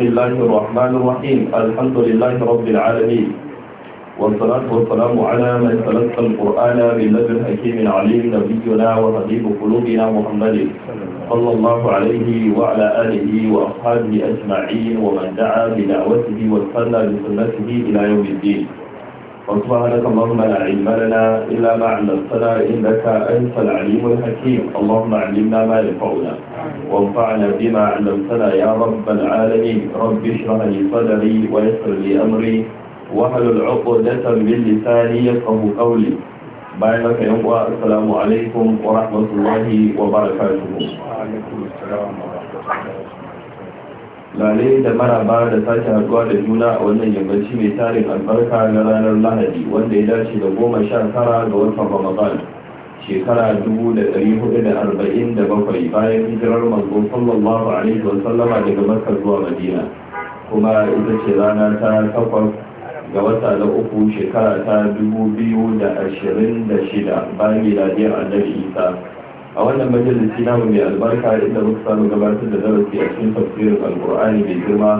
بسم الله الرحمن الرحيم الحمد لله رب العالمين والصلاة والسلام على من تلقى القرآن من لدن حكيم عليم نبينا وحبيب قلوبنا محمد صلى الله عليه وعلى آله وأصحابه أجمعين ومن دعا بدعوته واستنى بسنته إلى يوم الدين وسبحانك اللهم لا علم لنا إلا ما علمتنا إنك أنت العليم الحكيم اللهم علمنا ما ينفعنا وانفعنا بما علمتنا يا رب العالمين رب اشرح لي صدري ويسر لي أمري وهل عقدة من لساني يفقه قولي بارك يا السلام عليكم ورحمة الله وبركاته وعليكم السلام ورحمة الله lalai da maraba da sake haduwa da juna a wannan yammaci mai tarin albarka na ranar lahadi wanda ya dace da goma sha tara ga watan ramadan shekara bakwai bayan hijirar manzo sallallahu alaihi wa sallama daga makka zuwa madina kuma ita ce rana ta takwas ga wata na uku shekara ta 2026 bayan miladiyar annabi isa a wannan majalisi namu mai albarka inda muka samu gabatar da darasi a cikin tafsirin alkur'ani mai girma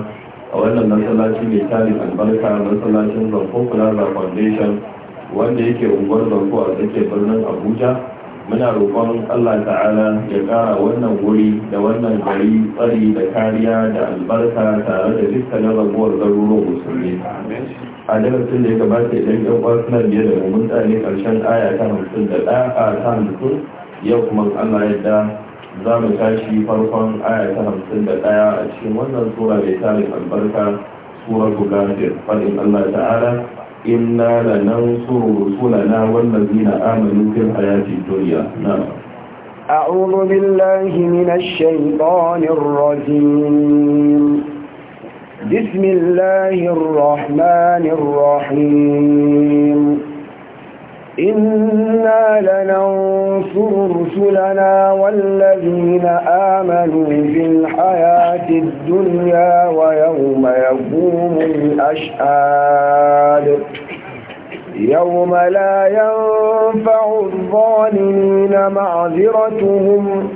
a wannan masallaci mai tarin albarka masallacin zanfon foundation wanda yake unguwar zanko a tsakiyar birnin abuja muna roƙon allah ta'ala ya ƙara wannan wuri da wannan gari tsari da kariya da albarka tare da dukkanin raguwar garuruwan musulmi a darasin da ya gabata idan yan uwa suna biye da mu tsare ƙarshen aya ta hamsin da ɗaya a ta hamsin yau kuma allah yadda za mu tashi farkon aya ta hamsin da ɗaya a cikin wannan sura mai tarin albarka surar da faɗin allah ta'ala إنا لننصر رسلنا والذين آمنوا في الحياة الدنيا نعم أعوذ بالله من الشيطان الرجيم بسم الله الرحمن الرحيم إنا لننصر رسلنا والذين آمنوا في الحياة الدنيا ويوم يقوم الأشهاد يوم لا ينفع الظالمين معذرتهم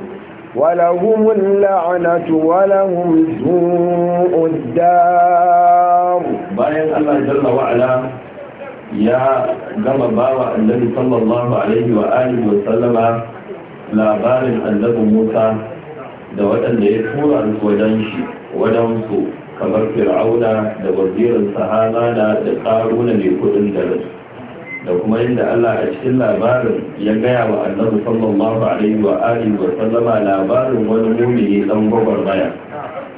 ولهم اللعنة ولهم سوء الدار باية الله جل وعلا ya gama bawa annabi sallallahu alaihi wa alihi wa sallama labarin annabi Musa da waɗanda ya tura su wajen shi wajen su kamar fir'auna da wazirin sahanana da karuna mai kudin dare da kuma inda Allah a cikin labarin ya gaya wa annabi sallallahu alaihi wa alihi wa sallama labarin wani mumini dan gwagwarmaya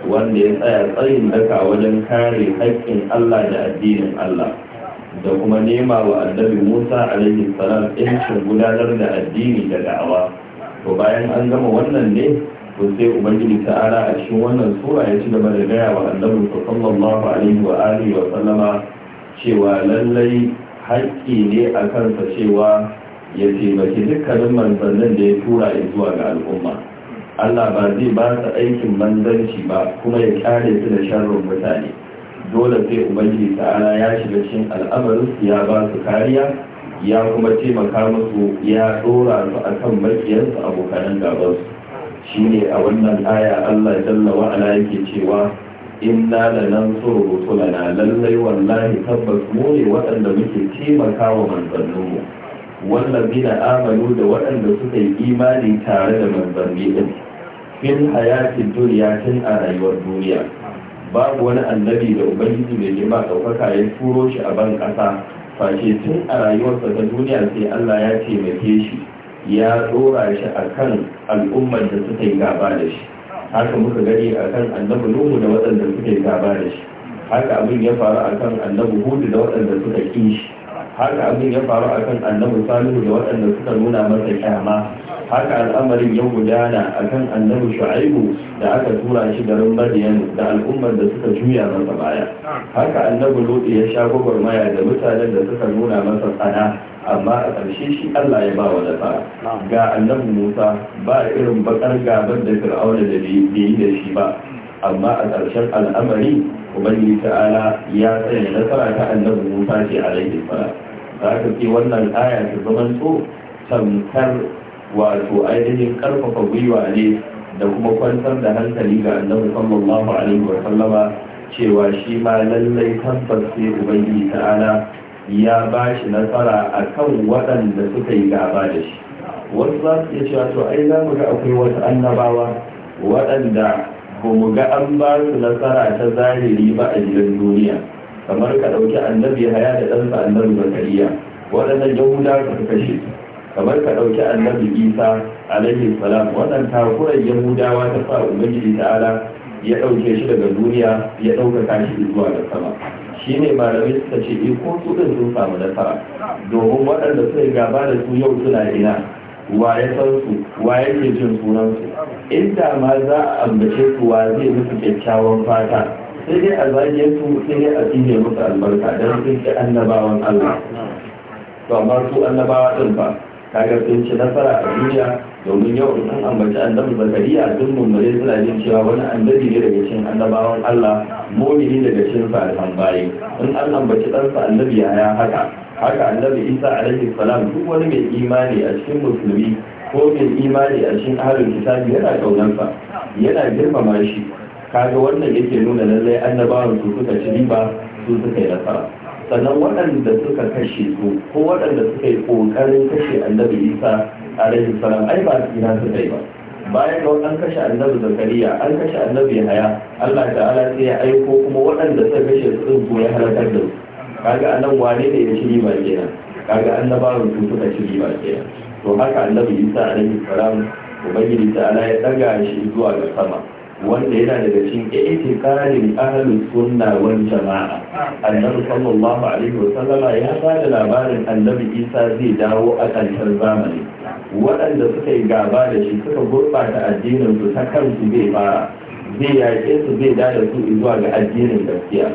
wanda ya tsaya tsayin daka wajen kare haƙƙin Allah da addinin Allah da kuma nema wa annabi musa alaihi salam yancin gudanar da addini da da'awa to bayan an gama wannan ne to sai ubangiji ta'ala a cikin wannan sura ya ci gaba da gaya wa annabi sallallahu alaihi wa alihi wa sallama cewa lallai haƙƙi ne a kansa cewa ya taimaki dukkanin manzannin da ya tura ya zuwa ga al'umma Allah ba zai ba su aikin manzanci ba kuma ya kare su da sharrin mutane dole sai ubangiji ta'ala ya shiga cikin al'amarin su ya ba su kariya ya kuma taimaka musu ya dora su kan makiyarsu abokanan gabansu su shine a wannan aya Allah jalla wa ala yake cewa inna lanansuru rusulana lallai wallahi tabbas mu ne waɗanda muke taimaka wa manzanninmu wallazina amanu da waɗanda suka yi imani tare da manzanni din fil hayatid duniya tun a rayuwar duniya babu wani annabi da ubangiji mai girma ɗaukaka ya turo shi a ban ƙasa face tun a rayuwarsa ta duniya sai allah ya taimake shi ya ɗora shi a kan al'ummar da suka yi gaba da shi haka muka gani a kan annabi nuhu da waɗanda suka yi gaba da shi haka abin ya faru a kan annabi hudu da waɗanda suka ƙi shi haka abin ya faru a kan annabi salihu da waɗanda suka nuna masa kyama haka al'amarin ya gudana a kan annabi shu'aibu da aka tura shi garin madiyan da al'ummar da suka juya masa baya haka annabi lodi ya sha gwagwarmaya da mutanen da suka nuna masa tsana amma a ƙarshe shi allah ya ba wa nasa ga annabi musa ba irin bakar gaban da fir'auna da bai yi da shi ba amma a ƙarshen al'amari ubangiji ta'ala ya tsaye nasara ta annabi musa ce alaihi salam za aka ce wannan aya ta zama so tamkar wato ainihin karfafa gwiwa ne da kuma kwantar da hankali ga annabi sallallahu alaihi wa sallama cewa shi ma lallai tabbas sai ubangiji ta'ala ya ba shi nasara a kan waɗanda suka yi gaba da shi wasu za su iya cewa to ai za mu ga akwai wasu annabawa waɗanda ba mu ga an ba su nasara ta zahiri ba a gidan duniya kamar ka ɗauki annabi haya da ɗansa annabi zakariya waɗannan yahuda ka kashe kamar ka ɗauki annabi isa alaihi salam wannan takurar yahudawa ta sa ubangiji ta'ala ya ɗauke shi daga duniya ya ɗaukaka shi zuwa ga sama shi ne malamai suka ce e ko su ɗin sun samu nasara domin waɗanda suka gaba da su yau suna ina wa ya san su wa ke jin sunansu inda ma za a ambace su wa zai musu kyakkyawan fata sai dai albariyarsu sai dai addini musu albarka don sun ci annabawan Allah to amma su annabawa din ba kaga sun ci nasara a duniya domin yau in an ambaci annabi zakariya sun mummure suna jin cewa wani annabi ne daga cikin annabawan Allah mumini daga cikin salihan bayi in an ambaci ɗansa annabi ya haka haka annabi isa alaihi salam duk wani mai imani a cikin musulmi ko mai imani a cikin ahlul kitabi yana ƙaunarsa yana girmama shi kaga wannan yake nuna lallai annabawan su suka ci riba su suka yi nasara sannan waɗanda suka kashe su ko waɗanda suka yi ƙoƙarin kashe annabi isa a rashin salam ai ba su ina suka yi ba bayan ga an kashe annabi zakariya an kashe annabi haya allah ta'ala sai ya aiko kuma waɗanda suka kashe su ɗin ko ya halakar da su kaga annan wane ne ya ci riba kenan kaga annabawan su suka ci riba kenan to haka annabi isa a rashin salam ubangiji ta'ala ya ɗaga shi zuwa ga sama wanda yana daga cikin itikadin ahlus sunna wal jama'a annabi sallallahu alaihi wasallama ya ba da labarin annabi isa zai dawo a ƙarshen zamani waɗanda suka yi gaba da shi suka gurɓata addinin su ta kansu zai fara zai yaƙe su zai dada su zuwa ga addinin gaskiya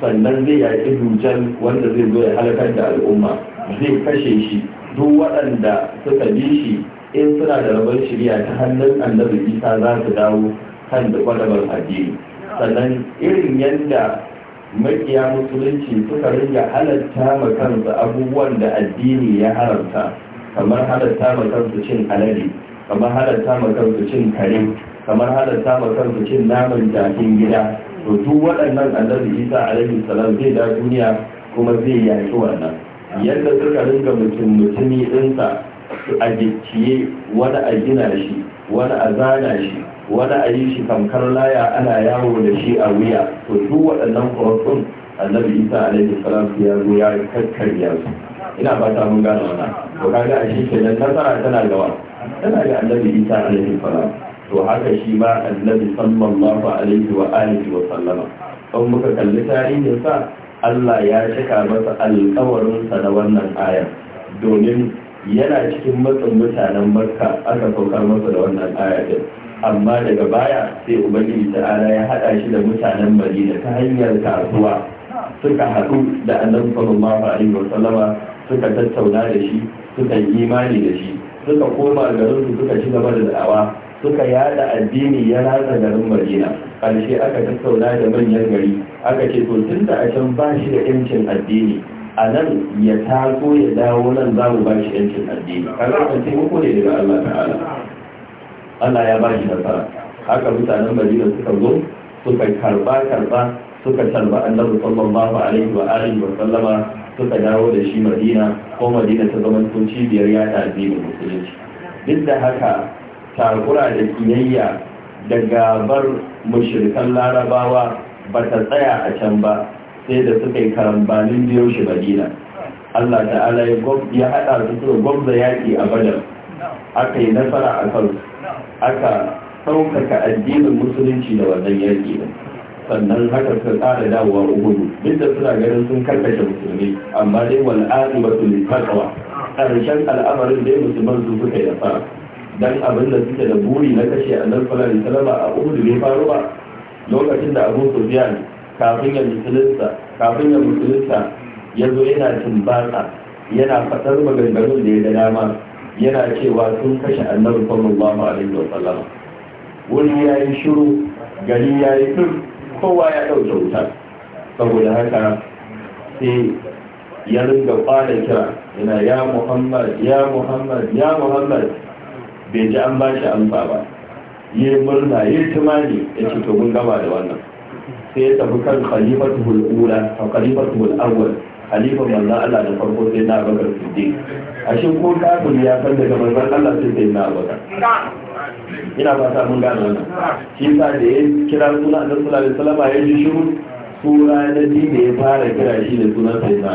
sannan zai yaƙi dujan wanda zai zo ya halakar da al'umma zai kashe shi duk waɗanda suka bi shi in suna da rabar shirya ta hannun annabi isa za su dawo kan da kwalabar addini sannan irin yadda makiya musulunci suka ringa halatta ma kansu abubuwan da addini ya haramta kamar halatta ma kansu cin alade kamar halatta ma kansu cin kare kamar halatta ma kansu cin naman jakin gida to duk waɗannan annabi isa alaihi salam zai da duniya kuma zai yaki wannan yadda suka ringa mutum mutumi ɗinsa a gicciye wani a gina shi wani a zana shi wani a yi shi tamkar laya ana yawo da shi a wuya to duk waɗannan kurkun annabi isa alaihi salatu ya zo ya kakkarya su ina ba ta mun gane wannan to kaga a shi kenan nasara tana gawa tana ga annabi isa alaihi salatu to haka shi ma annabi sallallahu alaihi wa alihi wa sallama don muka kalli tarihin sa Allah ya cika masa alƙawarin sa na wannan ayar domin yana cikin matsin mutanen Makka aka saukar masa da wannan ayar din amma daga baya sai ubangiji ta'ala ya hada shi da mutanen madina ta hanyar kasuwa suka haɗu da annabi sallallahu alaihi wasallama suka tattauna da shi suka yi imani da shi suka koma garin su suka ci gaba da da'awa suka yada addini ya ratsa garin madina karshe aka tattauna da manyan gari aka ce to tun da a can ba shi da yancin addini a nan ya taso ya dawo nan za mu ba shi yancin addini kaga kan taimako ne daga Allah ta'ala Allah ya bashi nasara haka mutanen Madina suka zo suka karba karba suka tarba annabi sallallahu alaihi wa alihi wa sallama suka dawo da shi Madina ko Madina ta zama tun cibiyar yada addinin musulunci duk da haka takura da kiyayya da gabar mushrikan larabawa ba ta tsaya a can ba sai da suka yi karambanin biyo shi madina allah ta'ala ya haɗa su suka gwamza yaƙi a badar aka yi nasara a kan aka ɗaukaka addinin musulunci da wannan yaƙi ne sannan haka suka tsara dawowa uhudu duk da suna ganin sun karkace musulmi amma dai wal aqibatu lil taqwa karshen al'amarin dai musulman su suka yi nasara dan abin da suke da buri na kashe annabi sallallahu alaihi wasallam a uhudu bai faru ba lokacin da Abu Sufyan kafin ya musulunta kafin ya musulunta ya zo yana cin batsa yana fatar maganganun da ya da dama yana cewa sun kashe annabi sallallahu alaihi wa sallam Wani ya yi shiru gari ya yi tun kowa ya ɗauke wuta saboda haka sai ya ringa fara kira yana ya muhammad ya muhammad ya muhammad bai ji an ba shi amsa ba yi murna yi tumani ya ce to mun gama da wannan sai ya tafi kan khalifatul ula khalifatul awwal khalifa manzo Allah da farko sai na bakar siddiq A shi ko kafin ya san daga manzon Allah ta yi na abubakar ina ba samun mun gano wannan shi ba da ya kira suna a sallallahu alaihi salama ya ji shiru tura na da ya fara kira shi da sunan yi na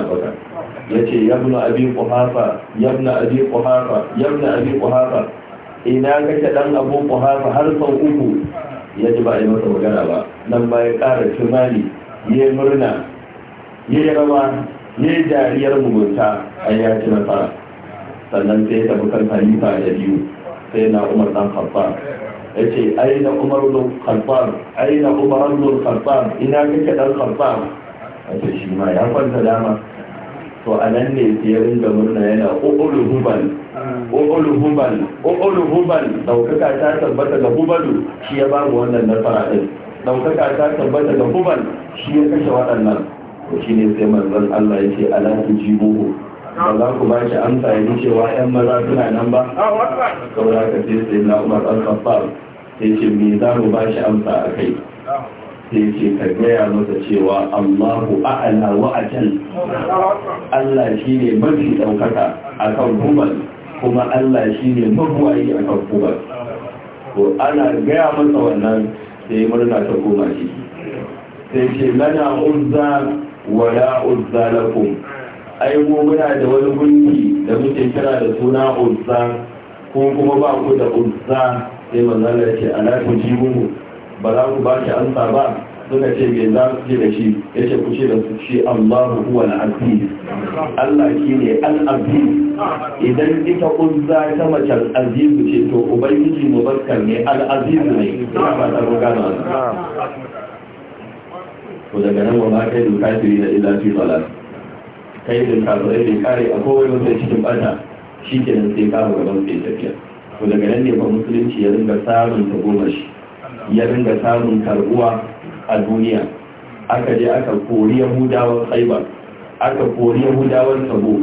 ya ce yabna abi kuhafa yabna abi kuhafa yabna abi kuhafa ina kake dan abu kuhafa har sau uku ya ji ba a yi masa magana ba nan ba ya ƙara tunani ya murna ya yi rawa ya yi dariyar mugunta a yi nasara sannan sai tafi kan halifa da biyu sai na umar dan khattab ya ce aina umar dan khattab aina umar dan khattab ina kake dan khattab a ce shi ma ya kwanta dama to a nan ne sai ya ringa murna yana ƙoƙolu hubal ƙoƙolu hubal ƙoƙolu hubal ɗaukaka ta tabbata ga hubalu shi ya ba mu wannan nasara ɗin ɗaukaka ta tabbata ga hubal shi ya kashe waɗannan to shi ne sai manzon Allah ya ce ala tujibuhu ba za ku ba shi amsa yi cewa yan maza suna nan ba ah, saboda ka sai sai na umar al-khattab sai ce me za mu ba shi amsa a kai ah. sai ce ka gaya masa cewa Allahu a'ala wa ajal ah, Allah shine mafi ɗaukaka akan hubal kuma Allah shine mabuwayi akan hubal to ana gaya masa wannan sai murna ta koma shi sai ce lana uzza wa la uzza lakum ai mu muna da wani gunki da muke kira da suna uzza ko kuma ba ku da uzza sai manzon ya ce ana ku mu ba za ku ba shi amsa ba suka ce me za ku ce da shi ya ce ku ce da su shi Allahu huwa al-aziz Allah shine al-aziz idan ita uzza ta macen azizu ce to ubangiji baskar ne al-aziz ne ba ta gana ko daga nan wa ma kai kafiri da illa fi salat kai da karurai kare a kowai wanda cikin bata shi ke nan sai kama gaban sai tafiya to daga nan ne ba musulunci ya ringa samun ta shi ya ringa samun karbuwa a duniya aka je aka kori yahudawan khaibar aka kori yahudawan tabo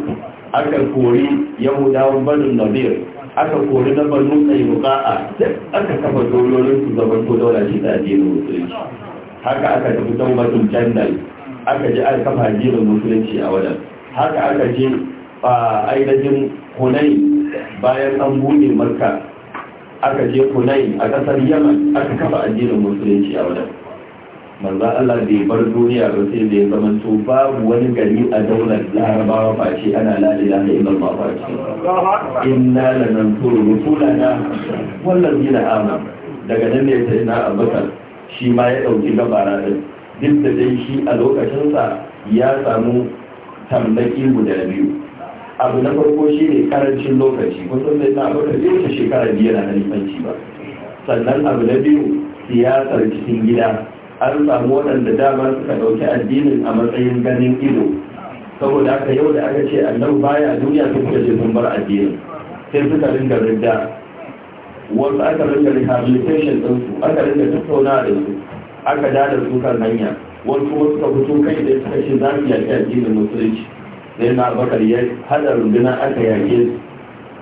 aka kori yahudawan banin nabir aka kori na banu kaimuka'a duk aka kafa dololin su zaman ko daura shi ta addinin musulunci haka aka tafi taubatun jandal aka ji aka kafa addinin musulunci a wajen haka aka je a ainihin kunai bayan an buɗe makka aka je kunai a ƙasar yaman aka kafa addinin musulunci a wajen manzo Allah bai bar duniya ba sai da ya zama to babu wani gari a daular larabawa ba ce ana la da ilmi ba ce inna na. rusulana gina amanu daga nan ne sai na abubakar shi ma ya dauki gabara din duk da dai shi a sa ya samu tambaki guda biyu abu na farko shi ne karancin lokaci kusan sai na da zai shekara biyu na halifanci ba sannan abu na biyu siyasar cikin gida an samu waɗanda dama suka ɗauki addinin a matsayin ganin ido saboda haka yau da aka ce annabu baya duniya sun suka sun bar addinin sai suka ringa rinda wasu aka ringa rehabilitation ɗinsu aka ringa tattaunawa da su aka dada su hanya wasu wasu fito kai da suka shi za su yaƙi addinin musulunci sai na bakar ya hada runduna aka yaƙe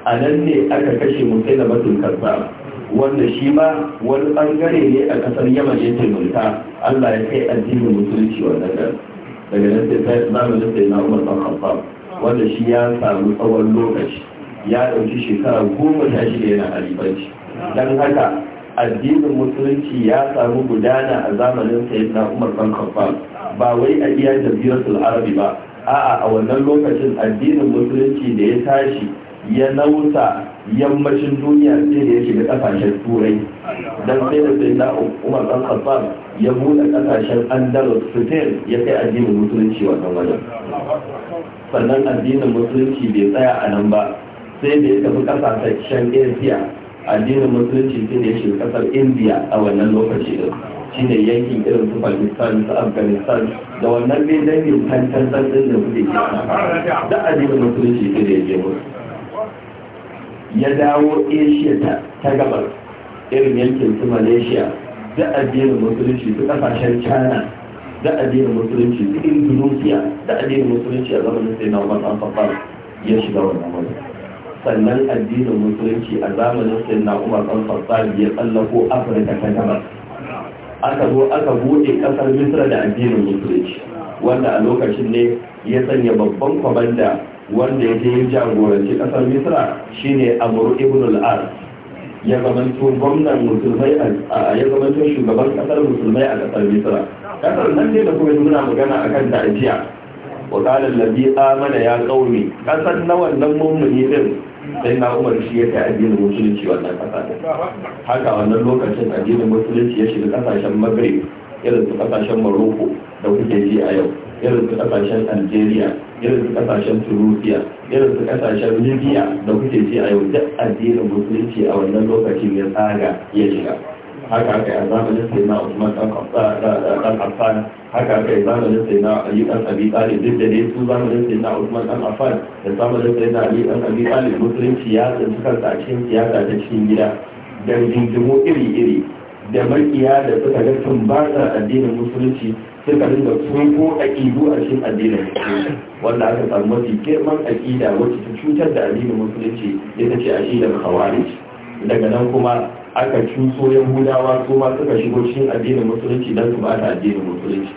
a nan ne aka kashe musai da batun karfa wanda shi ma wani bangare ne a kasar yaman ya taimaka allah ya kai addinin musulunci wannan daga nan sai zamanin sai na umar ɗan kafa wanda shi ya samu tsawon lokaci ya ɗauki shekara goma sha shida yana alibanci don haka addinin musulunci ya samu gudana a zamanin sayyidina umar dan khattab ba wai a iya jabiratul arabi ba a'a a wannan lokacin addinin musulunci da ya tashi ya nauta yammacin duniya sai da yake da kasashen turai dan sai da sai na umar dan khattab ya buɗe kasashen andalus spain ya kai addinin musulunci wannan wajen sannan addinin musulunci bai tsaya a nan ba sai da ya tafi kasashen asia addinin musulunci shi ne shi kasar india a wannan lokaci da shi ne yankin irin su pakistan su afghanistan da wannan bin dangin tantantar din da suke ke da addinin musulunci shi ne ya musu ya dawo asia ta ta gabar irin yankin su malaysia da addinin musulunci su kasashen china da addinin musulunci su indonesia da addinin musulunci a zamanin sai na wata an ya shiga wannan wani sannan addinin musulunci a zamanin na umar ɗan fassari ya tsallako afirka ta gabas aka zo aka buɗe ƙasar misra da addinin musulunci wanda a lokacin ne ya sanya babban kwabanda wanda ya je ya jagoranci ƙasar misra shine amur ibn al ya zamanto gwamnan musulmai a ya zamanto shugaban ƙasar musulmai a ƙasar misra ƙasar nan ne da kuma muna magana akan ta'ajiya wa ƙalar labi amana ya qaumi ƙasar na wannan mummuni din sai na umar shi ya kai addinin musulunci wannan kasa haka wannan lokacin addinin musulunci ya shiga kasashen maghrib irin su kasashen maroko da kuke ji a yau irin su kasashen algeria irin su kasashen tunisia irin su kasashen libya da kuke ji a yau duk addinin musulunci a wannan lokacin ya tsaga ya shiga haka aka yi a zamanin sai na usman dan affan haka aka yi zamanin sai na ali dan abi talib duk da dai su zamanin sai na usman dan affan da zamanin sai na ali dan abi talib musulunci ya tsinci kansa a cikin siyasa ta cikin gida da jinjimo iri-iri da makiya da suka ga tumbatar addinin musulunci suka rinda a aƙidu a cikin addinin musulunci wanda aka samu mafi girman aƙida wacce ta cutar da addinin musulunci ya ita ce aƙidar khawarij daga nan kuma aka cuso yahudawa su ma suka shigo cikin addinin musulunci don su bata addinin musulunci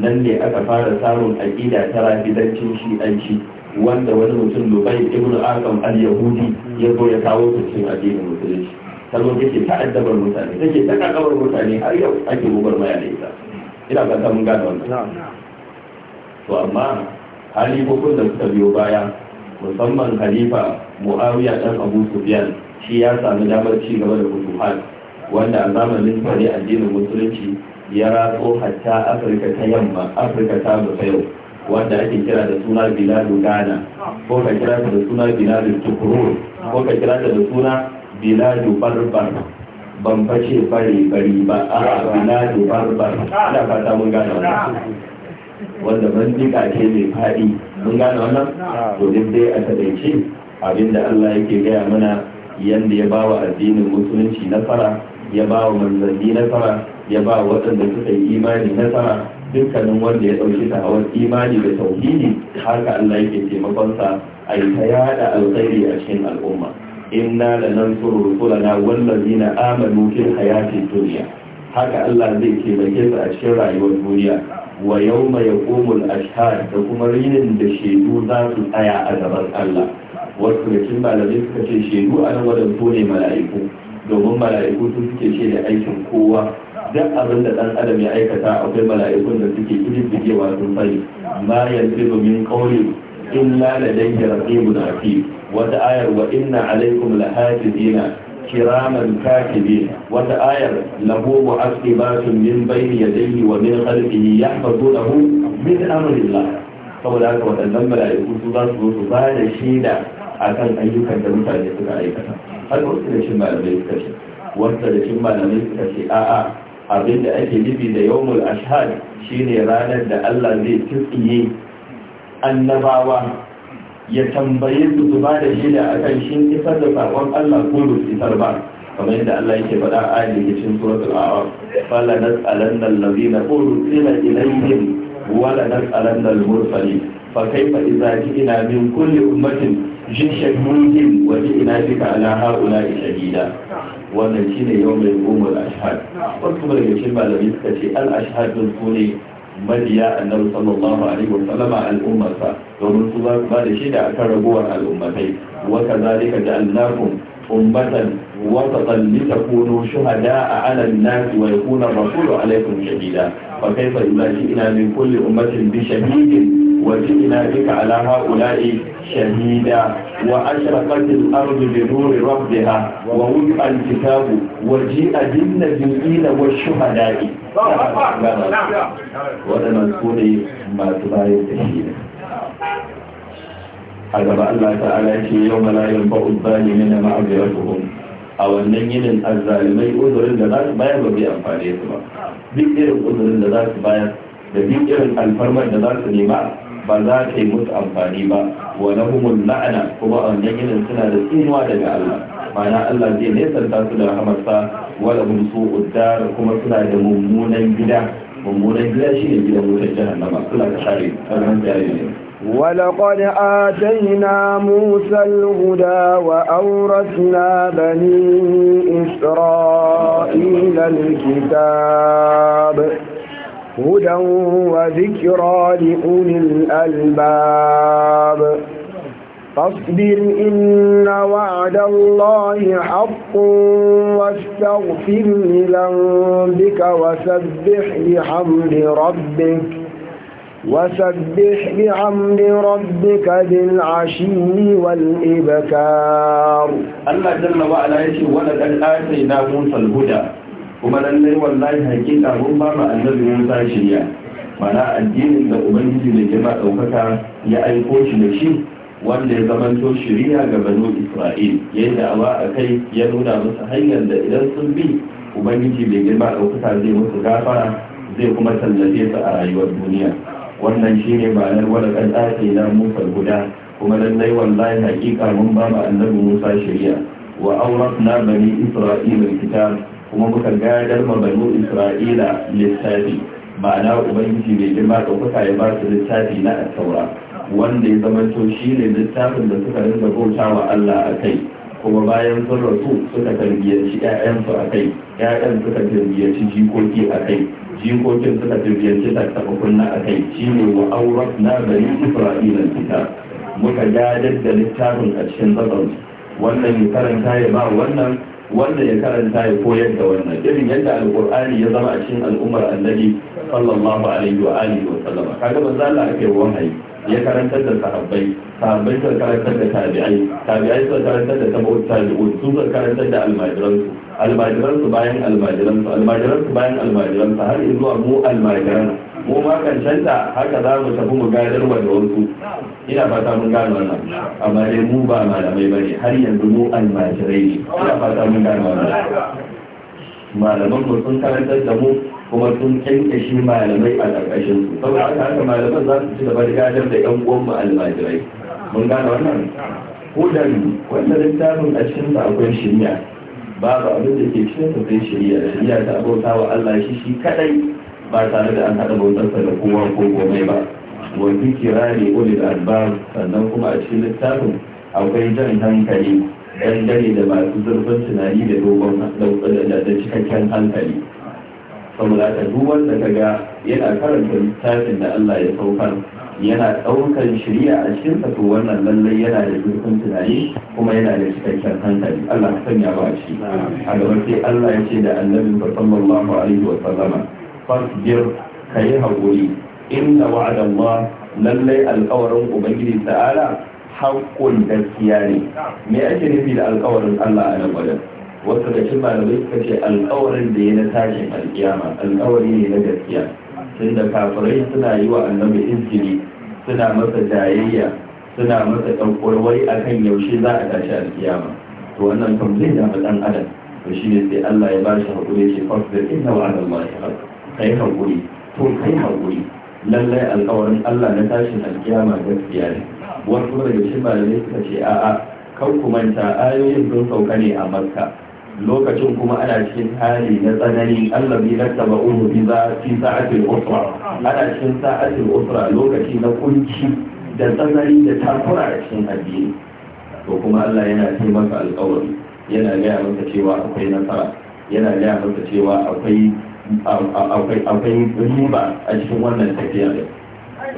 nan ne aka fara samun aƙida ta rafidancin shi'anci wanda wani mutum lubai ibn akam al-yahudi ya zo ya kawo su cikin addinin musulunci sannan take ta'addabar mutane take ta kakabar mutane har yau ake gubar maya da ita ina ba mun gane wannan to amma hali da suka biyo baya musamman khalifa muawiya dan abu sufyan shi ya sami damar ci gaba da futuhat wanda a zamanin fari addinin musulunci ya ratso hatta afirka ta yamma afirka ta musa yau wanda ake kira da suna biladu ghana ko ka kira ta da suna biladu tukurur ko ka kira ta da suna biladu barbar ban fashe bari bari ba a biladu barbar ana fata mun gane wannan wanda ban ke ce mai fadi mun gane wannan to dai a taɗaice abinda Allah yake gaya mana yadda ya bawa addinin musulunci nasara ya ba wa manzanni nasara ya ba wa waɗanda suka yi imani nasara dukkanin wanda ya ɗauki da'awar imani da tauhidi haka Allah yake taimakonsa a yi ta yada alkhairi a cikin al'umma inna la nansuru rusulana wallazina amanu fil hayati dunya haka Allah zai taimake su a cikin rayuwar duniya wa yawma yaqumul ashhad da kuma rinin da shaidu za su tsaya a gaban Allah wasu da cin malamai suka ce shaidu a nan wadan so ne mala'iku domin mala'iku sun suke ce da aikin kowa duk abin da dan adam ya aikata akwai mala'ikun da suke kididdigewa sun sani ma yanzu domin kauli illa ladayhi raqibun fi wata ayar wa inna alaikum lahafizina kiraman katibin wata ayar lahu mu'aqibatun min bayni yadayhi wa min khalfihi yahfazunahu min amrillah saboda haka waɗannan mala'iku su za su zo su ba da shaida a kan ayyukan da mutane suka aikata har wasu da shi malamai suka ce wasu da shi malamai suka ce a'a abin da ake nufi da yawmul ashhad shine ranar da Allah zai tsiye annabawa ya tambaye su su ba da shida akan shin isar da sakon Allah ko ba isar ba kamar yadda Allah yake faɗa a ayin cikin suratul a'raf fala nas'alanna allazina ursila ilayhim wala nas'alanna al-mursalin fa kayfa idza ji'na min kulli ummatin jishar mulkin waje ina fika ala haula shahida wannan shi ne yau mai gomar ashhad wasu kuma daga cikin malami suka ce al ashhad din su ne mabiya annabi sallallahu alaihi wasallama al'ummarsa domin su ba da shaida akan ragowar al'ummatai wa kazalika ja'alnakum أمة وسطا لتكونوا شهداء على الناس ويكون الرسول عليكم شهيدا وكيف إذا جئنا من كل أمة بشهيد وجئنا بك على هؤلاء شهيدا وأشرقت الأرض بنور ربها ووضع الكتاب وجيء بالنبيين والشهداء ولم تكوني ما تبايع شهيدا a gaba Allah ta'ala ce yau malayin ba'ud bani ne na ma'abiyatuhum a wannan yinin azzalimai uzurin da za su bayar ba bai amfani su ba duk irin uzurin da za su bayar da duk irin alfarmar da za su nema ba za ta yi musu amfani ba wani lahumul la'ana kuma a wannan yinin suna da tsinuwa daga Allah mana Allah zai nesanta su da rahamarsa wala hum su'ud dar kuma suna da mummunan gida mummunan gida shine gidan wutar jahannama suna ka kare ka nan jare ne ولقد آتينا موسى الهدى وأورثنا بني إسرائيل الكتاب هدى وذكرى لأولي الألباب فاصبر إن وعد الله حق واستغفر لذنبك وسبح بحمد ربك وسبح بحمد ربك بالعشي والإبكار الله جل وعلا يشي ولد آتينا موسى الهدى kuma lallai wallahi hakika mun ba annabi Musa shirya mana addinin da ubangiji da jama'a daukaka ya aiko shi da shi wanda ya zamanto shirya ga banu Isra'il yadda awa a kai ya nuna musu hanyar da idan sun bi ubangiji da jama'a daukaka zai mutu gafa zai kuma tallafe su a rayuwar duniya wannan shine ma'anar wala kan tsake na musa guda kuma lallai wallahi hakika mun ba ma annabi musa shari'a wa auratna bani isra'ila kitab kuma muka gadar ma banu isra'ila littafi ma'ana ubangiji mai girma ɗaukaka ya ba su littafi na asaura wanda ya zama to shi ne littafin da suka rinka bauta wa allah a kai kuma bayan sun rasu suka tarbiyyaci 'ya'yansu a kai 'ya'yan suka tarbiyyaci jikoki a kai jikokin suka ta taɓa kunna a kai shi ne wa aurat na bari isra'ila kita muka gadar da littafin a cikin zaɓar wannan ya karanta ya ba wannan wanda ya karanta ya koyar da wannan irin yadda alkur'ani ya zama a cikin al'ummar annabi sallallahu alaihi wa alihi wa sallama kaga manzo Allah ake wahayi ya karantar da sahabbai sahabbai suka karantar da tabi'ai tabi'ai suka karantar da tabi'ut tabi'un su suka karantar da almajiransu almajiransu bayan almajiran almajiransu bayan su har zuwa mu almajiran mu ma kan canza haka za mu tafi mu gadar wa da wasu ina fata mun gano wannan amma dai mu ba malamai bane har yanzu mu almajirai ne ina fata mun gano wannan malaman mu sun karantar da mu kuma sun kyanke shi malamai a ƙarƙashin su saboda haka haka malaman za su ci gaba da gadar da yan uwan mu almajirai mun gane wannan ko da wanda littafin a cikin sa akwai shirya babu abin da ke cikin sa sai shirya shirya ta abota wa Allah shi shi kadai ba tare da an haɗa bautarsa da kowa ko komai ba wani kira ne da albar sannan kuma a cikin littafin akwai jan hankali dangane da masu zurfin tunani da dogon da cikakken hankali saboda ka duk wanda ka ga yana karanta littafin da Allah ya saukar yana ɗaukar shirya a cikin to wannan lallai yana da zurfin tunani kuma yana da cikakken hankali Allah ka sanya ba shi a gaba sai Allah ya ce da annabi sallallahu alaihi wa sallama fasbir kayi haƙuri inna wa'ada Allah lallai alƙawarin ubangiji ta'ala haƙƙun gaskiya ne me ake nufi da alƙawarin Allah a nan wajen wasu da cin suka ce alƙawarin da ya na tashin alƙiyama alkawari ne na gaskiya tun da kafirai suna yi wa annabi injili suna masa jayayya suna masa ɗaukurwai a kan yaushe za a tashi alƙiyama to wannan kam zai dama ɗan adam to shi ne sai Allah ya ba shi haƙuri ce fasir inna wa ala Allah kai haƙuri to kai haƙuri lallai alƙawarin Allah na tashin alƙiyama gaskiya ne wasu daga shi malamai suka ce a'a kan kumanta ayoyin sun sauka ne a makka lokacin kuma ana cikin hali na tsanani allabi na taba uru bi za fi sa'atul usra ana cikin sa'atul usra lokaci na kunci da tsanani da takura a cikin addini to kuma Allah yana ce maka alkawari yana gaya maka cewa akwai nasara yana gaya maka cewa akwai akwai riba a cikin wannan tafiya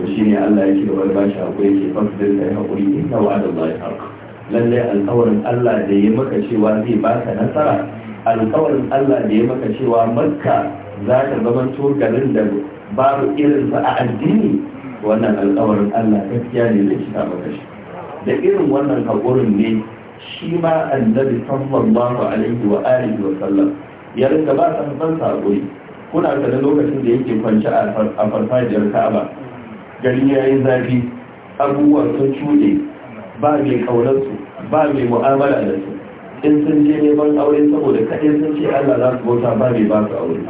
shi ne Allah ya ce wa bashi akwai ke fasdin da ya haƙuri inna wa'adallahi haqqun Lallai alƙawarin Allah da ya maka cewa zai baka nasara alƙawarin Allah da ya maka cewa Makka za ka zama to garin da babu irinsa a addini wannan alƙawarin Allah gaskiya ne zai cika maka shi da irin wannan haƙurin ne shi ma annabi sallallahu alaihi wa alihi wa sallam ya rinka ba san san saƙuri kuna tare lokacin da yake kwance a farfajiyar Ka'aba gari ya yi zafi abubuwa sun cuɗe ba mai ƙaunarsu ba mai mu'amala da su in sun je neman aure saboda kaɗai sun ce allah za su bauta ba mai ba su aure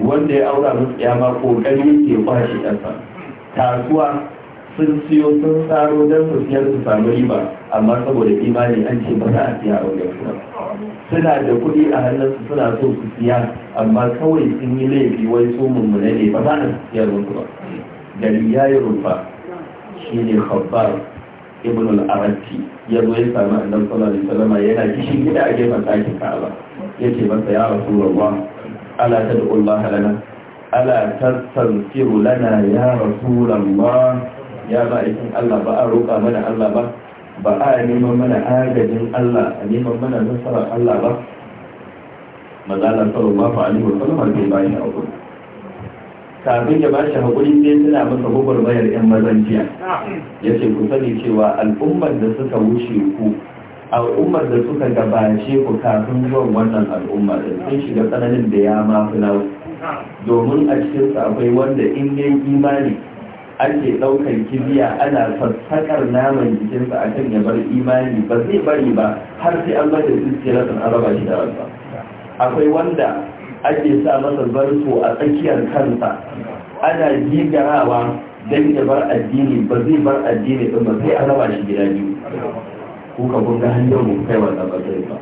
wanda ya aura musu yama ƙoƙari ke kwashe ƙasa kasuwa sun siyo sun tsaro don su siyar su samu riba amma saboda imani an ce ba za a siya a wajen suna da kuɗi a hannunsu suna so su siya amma kawai sun yi laifi wai su mummuna ne ba za a siyar musu ba gari ya yi rufa shi ne khabbar ibn al-arati ya zo ya sami annabi sallallahu alaihi wasallam yana kishin gida a gefen ɗakin ka'aba yace masa ya rasulullah ala tad'ullaha lana ala tastanfiru lana ya rasulullah ya ba ikin Allah ba a roƙa mana Allah ba ba a neman mana agajin Allah a neman mana nasarar Allah ba mazalar sallallahu alaihi wasallam bai a aure kafin ya bashi haƙuri sai suna masa mayar 'yan mazan jiya ya ce ku sani cewa al'ummar da suka wuce ku al'ummar da suka gabashe ku kafin zuwan wannan al'ummar, da sun shiga tsananin da ya mafi nawa domin a cikin akwai wanda in yi imani ake ɗaukar kibiya ana sassakar naman jikinsa a kan ya bar imani ba zai bari ba har sai an bada zuciyar an raba shi da rasa akwai wanda ake sa masa barso a tsakiyar kansa ana jigarawa don ya bar addini ba zai bar addini ɗin ba sai a shi gida biyu ko ka bunga hanyar mu kai wannan ba zai ba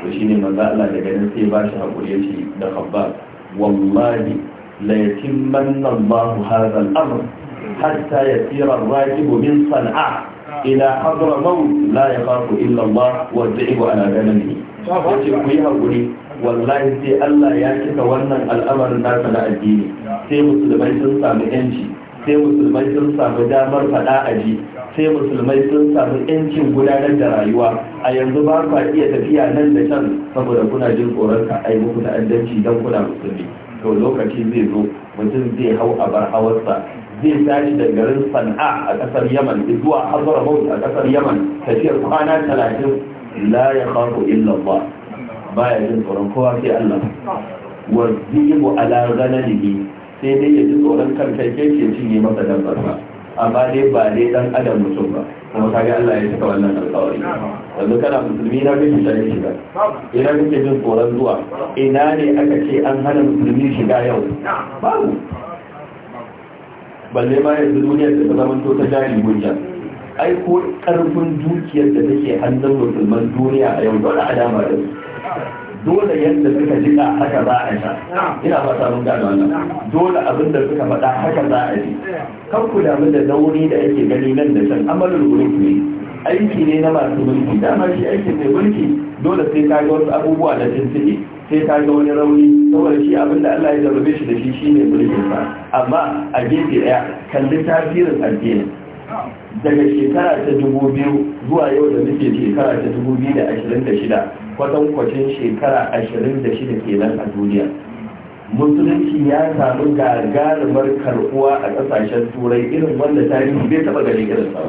to shine manzo Allah da ganin sai ba shi hakuri ya ce da khabbar wallahi la yatimmanna Allahu hadha al-amr hatta yasira ar-rajib min sana'a ila hadramaut la yakhafu illa Allah wa ta'ibu ala ganamihi yace ku yi hakuri wallahi sai Allah ya cika wannan al'amarin nasa na addini sai musulmai sun samu yanci sai musulmai sun samu damar faɗa aji sai musulmai sun samu yancin gudanar da rayuwa a yanzu ba ka iya tafiya nan da can saboda kuna jin tsoron ka ai muku ta'addanci don kuna musulmi to lokaci zai zo mutum zai hau a bar hawarsa zai tashi da garin sana'a a kasar yaman zuwa hadramaut a kasar yaman tafiyar kwana talatin la ya khafu illa allah baya jin tsoron kowa sai Allah wa zibu ala ghanalihi sai dai ya ji tsoron kan kai ke cinye masa dan barka amma dai ba dai dan adam mutum ba kuma ga Allah ya cika wannan alƙawari yanzu kana musulmi na kake tare shiga ina kake jin tsoron zuwa ina ne aka ce an hana musulmi shiga yau babu balle ma yanzu duniya ta zama to ta jari hujja ai ko karfin dukiyar da take hannun musulman duniya a yau dole a dama da su dole yadda suka jika haka za a sha ina ba ta gano wannan dole abin suka faɗa haka za a yi kan ku damu da nauri da yake gani nan da can amalin guruf ne aiki ne na masu mulki dama shi aikin mai mulki dole sai ka ga wasu abubuwa da tuntuɓe sai ka ga wani rauni saboda shi abinda da Allah ya zarrabe shi da shi shine mulkin sa amma a gefe ɗaya kalli tasirin addini daga shekara ta dubu biyu zuwa yau da muke shekara ta dubu biyu da ashirin da shida kwatankwacin shekara ashirin da shida kenan a duniya musulunci ya samu gagarumar karbuwa a kasashen turai irin wanda tarihi bai taba gani irin sa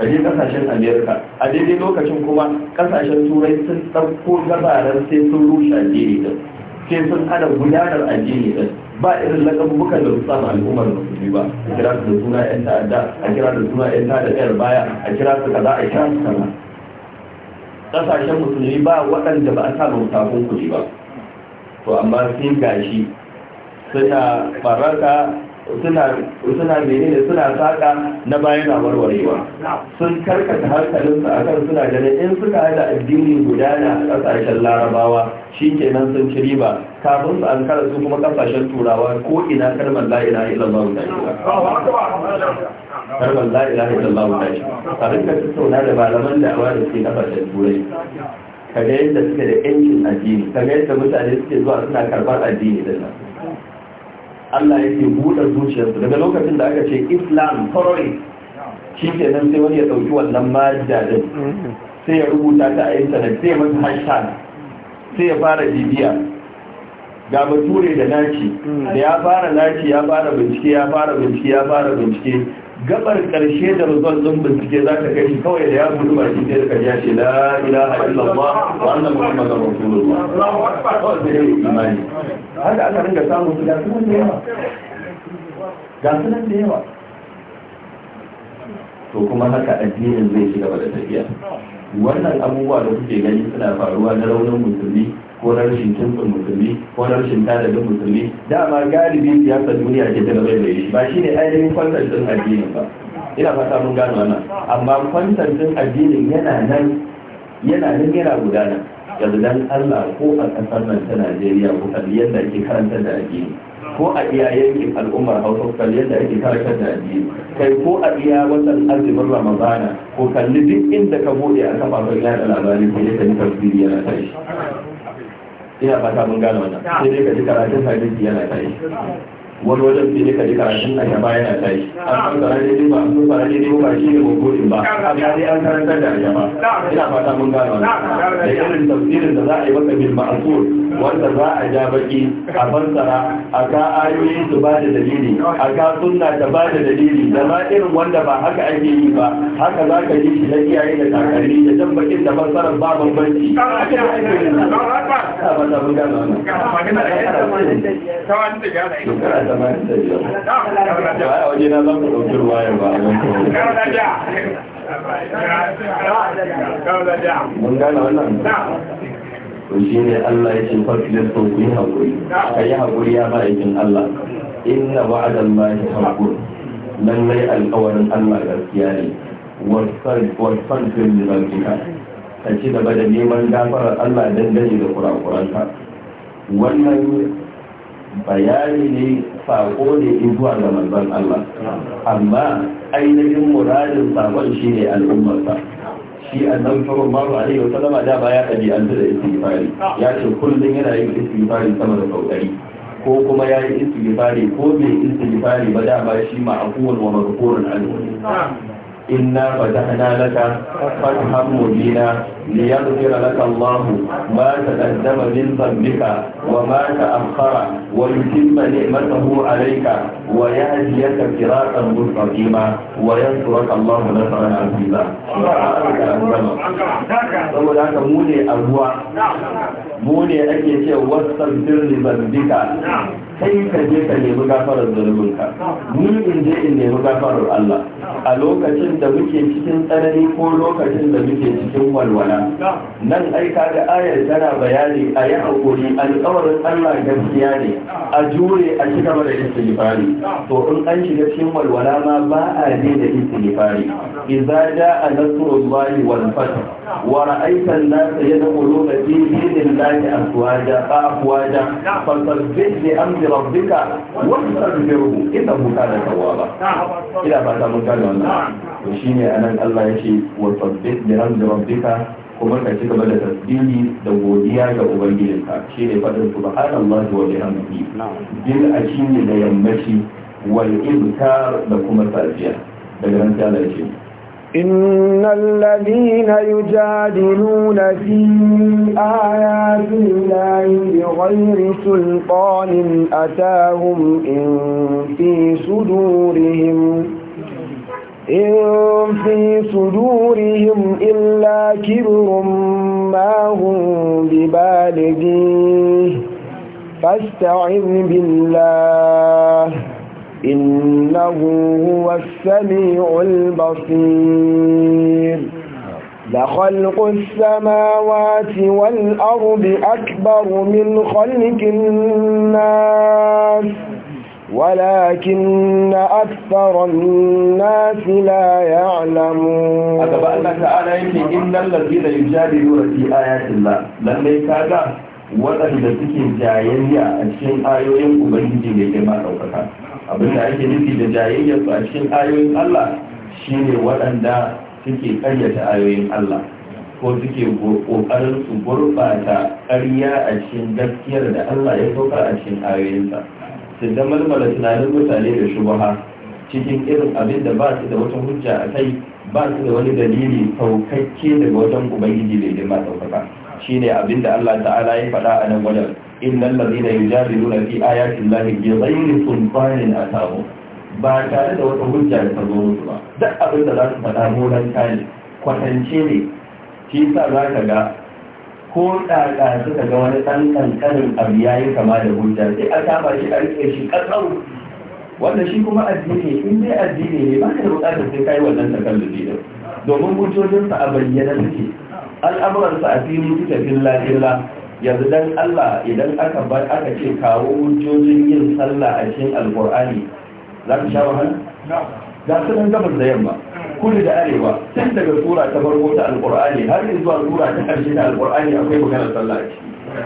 ba je kasashen amerika a daidai lokacin kuma kasashen turai sun ɗauko gabaran sai sun rushe addini din sai sun hada gudanar addini din ba irin lakabubukan da su samu al'ummar musulmi ba a kira su da suna yan ta'adda a kira da suna yan ta'adda yar baya a kira su kaza a kira su kaza kasashen musulmi ba waɗanda ba a sa bauta kunkuli ba to amma sai gashi suna faranta. suna menene suna saƙa na bayan na warwarewa sun karkata hankalinsu a kan suna ganin in suka haɗa addini guda na ƙasashen larabawa shi kenan sun ci riba kafin su an kara su kuma ƙasashen turawa ko ina kalmar la'ila ilallahu ta shi kalmar la ilaha illallah ta ce a rinka tattauna da malaman da awa da suke kafashen turai kaga yadda suke da yancin addini kaga yadda mutane suke zuwa suna karɓar addini da nan Allah yake buɗe zuciyarsu daga lokacin da aka ce islam terrorist shi ke nan sai wani ya ɗauki wannan majida din sai ya rubuta ta a intanet sai ya masa hashtag sai ya fara bibiya ga bature da naci da ya fara naci ya fara bincike ya fara bincike ya fara bincike gabar karshe da result din bincike za ka kai shi kawai da ya gudu ba shi sai ka ya ce la ilaha illallah wa anna muhammadar rasulullah kawai sai ya yi imani haka aka ringa samun su ga sunan da yawa ga sunan da yawa to kuma haka addinin zai shiga gaba da tafiya wannan abubuwa da kuke gani suna faruwa na raunin musulmi ko rashin tuntun musulmi ko rashin tadadin musulmi dama galibi siyasar duniya ke ta zai da shi ba shine ainihin kwantar din addinin ba ina fata mun gano wannan amma kwantar din addinin yana nan yana nan yana gudana yanzu dan Allah ko a kasar nan ta Najeriya ko a da ake karanta da addini ko a iya yankin al'ummar hausa kalli da ake karanta da addini kai ko a iya wannan azumin ramadana ko kalli duk inda ka bude a kafafen yada labarai ko ya kan tafsiri yana tashi ina fata mun gane wannan sai dai ka ji karatun hadisi yana kai wani wajen sai ka ji karatun a gaba yana tashi an san karatu ne ba sun ba ne ba shi ne mabudin ba amma dai an karantar da ajaba ina fata mun gano da irin tafsirin da za a yi maka bil ma'qul wanda za a ja baki a fansara a ga ayoyi su ba da dalili a ka sunna ta ba da dalili da ma irin wanda ba haka ake yi ba haka za ka ji shi da iyaye da kakanni da tabbakin da fassarar ba bambanci ta fata mun gano wannan tamanin waje na zan ku ɗauki ba a nan mun gane wannan ne Allah ya ce fafilis to ku yi haƙuri ka yi haƙuri ya Allah inna wa'adan ma ya haƙuri lallai alƙawarin Allah gaskiya ne wasan fil limantika ka ci gaba da neman gafarar Allah dangane da kurakuranka wannan bayani ne sako ne zuwa ga manzon Allah amma ainihin muradin sakon shi ne al'ummarsa shi annan sallallahu alaihi wa sallama da baya ɗabi'antu da istighfari ya ce kullum yana yin istighfari sama da sau ko kuma ya yi istighfari ko bai istighfari ba da ba shi ma'afuwan wa marhurin alhuri inna fatahna laka fathan mubina liyaghfira laka Allah ma taqaddama min dhanbika wa ma ta'akhkhara wa yutimma ni'matahu 'alayka wa yahdiyaka siratan mustaqima wa yansuraka Allah nasran 'azima saboda haka mu ne a ruwa mu ne ake ce wasan dirni zambika kai ka je ka nemi gafarar zunubinka ni in je in nemi gafarar Allah a lokacin da muke cikin tsanani ko lokacin da muke cikin walwala nan ai ga ayar tana bayani a yi hakuri alƙawarin Allah gaskiya ne a jure a ci gaba da istighfari to in an shiga cikin walwala ma ba a je da istighfari idza jaa nasrullahi wal fath wa ra'aita an-nasa yadkhuluna fi dinillahi afwaja fa afwaja fasabbih bi amri rabbika wastaghfiruhu innahu kana tawwaba ina fata mun gane wannan to shine anan Allah yake wa sabbih bi hamdi rabbika kuma ka ci gaba da tasbihi da godiya ga ubangijinka shine fadin subhanallahi wa bihamdihi bil ashini da yammaci wal ibkar da kuma safiya daga nan ta Allah yake إن الذين يجادلون في آيات الله بغير سلطان أتاهم إن في صدورهم إن في صدورهم إلا كبر ما هم ببالغيه فاستعذ بالله إنه هو السميع البصير لخلق السماوات والأرض أكبر من خلق الناس ولكن أكثر الناس لا يعلمون أتبع الله تعالى يكي إن الذين يجادلون في آيات الله لن يكاد وأهل تكي جايين يا أشين آيوين أبنجي لكما أوقفها abin da ake nufi da jayayyar su a cikin ayoyin Allah shine waɗanda suke karyata ayoyin Allah ko suke ƙoƙarin su gurɓata ƙarya a cikin gaskiyar da Allah ya sauka a cikin ayoyinsa su da malmala tunanin mutane da shubaha cikin irin abin da ba su da wata hujja a kai ba su da wani dalili saukakke daga wajen ubangiji bai girma ɗaukaka shine abin da Allah ta'ala ya faɗa a nan wajen innal ladina yujadiluna fi ayati llahi bighayri sultanin atahu ba tare da wata hujja da ta zo musu ba duk abin da za su faɗa molan kayan kwatance ne shi sa za ka ga ko ɗaɗa suka ga wani ɗan ƙanƙanin abu ya yi kama da hujja sai a kama shi a riƙe shi ƙasau wanda shi kuma addini in dai addini ne ba ka da buƙatar sai kai wannan takalluli din domin hujjojinsa a bayyana suke al'amuransa a fili suke filla filla yanzu dan Allah idan aka ba aka ce kawo hujjojin yin sallah a cikin alqur'ani za ka sha wahala da su nan gabar da yamma kudu da arewa tun daga sura ta farko ta alqur'ani har zuwa sura ta karshe ta alqur'ani akwai maganar sallah a ciki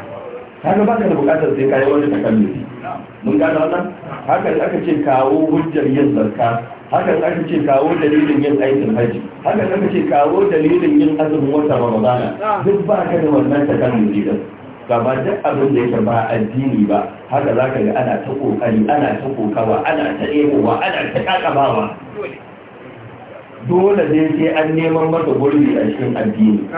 kaga ba ka da bukatar sai kayi wani takalmi mun gane wannan haka aka ce kawo hujjar yin zarka haka aka ce kawo dalilin yin aikin haji haka aka ce kawo dalilin yin azumin wata ramadana duk ba ka da wannan takalmi din gaba duk abin da yake ba addini ba haka za ka ga ana ta kokari ana ta kokawa ana ta ɗebowa ana ta ƙaƙabawa. dole ne sai an neman masa gurbi a cikin addini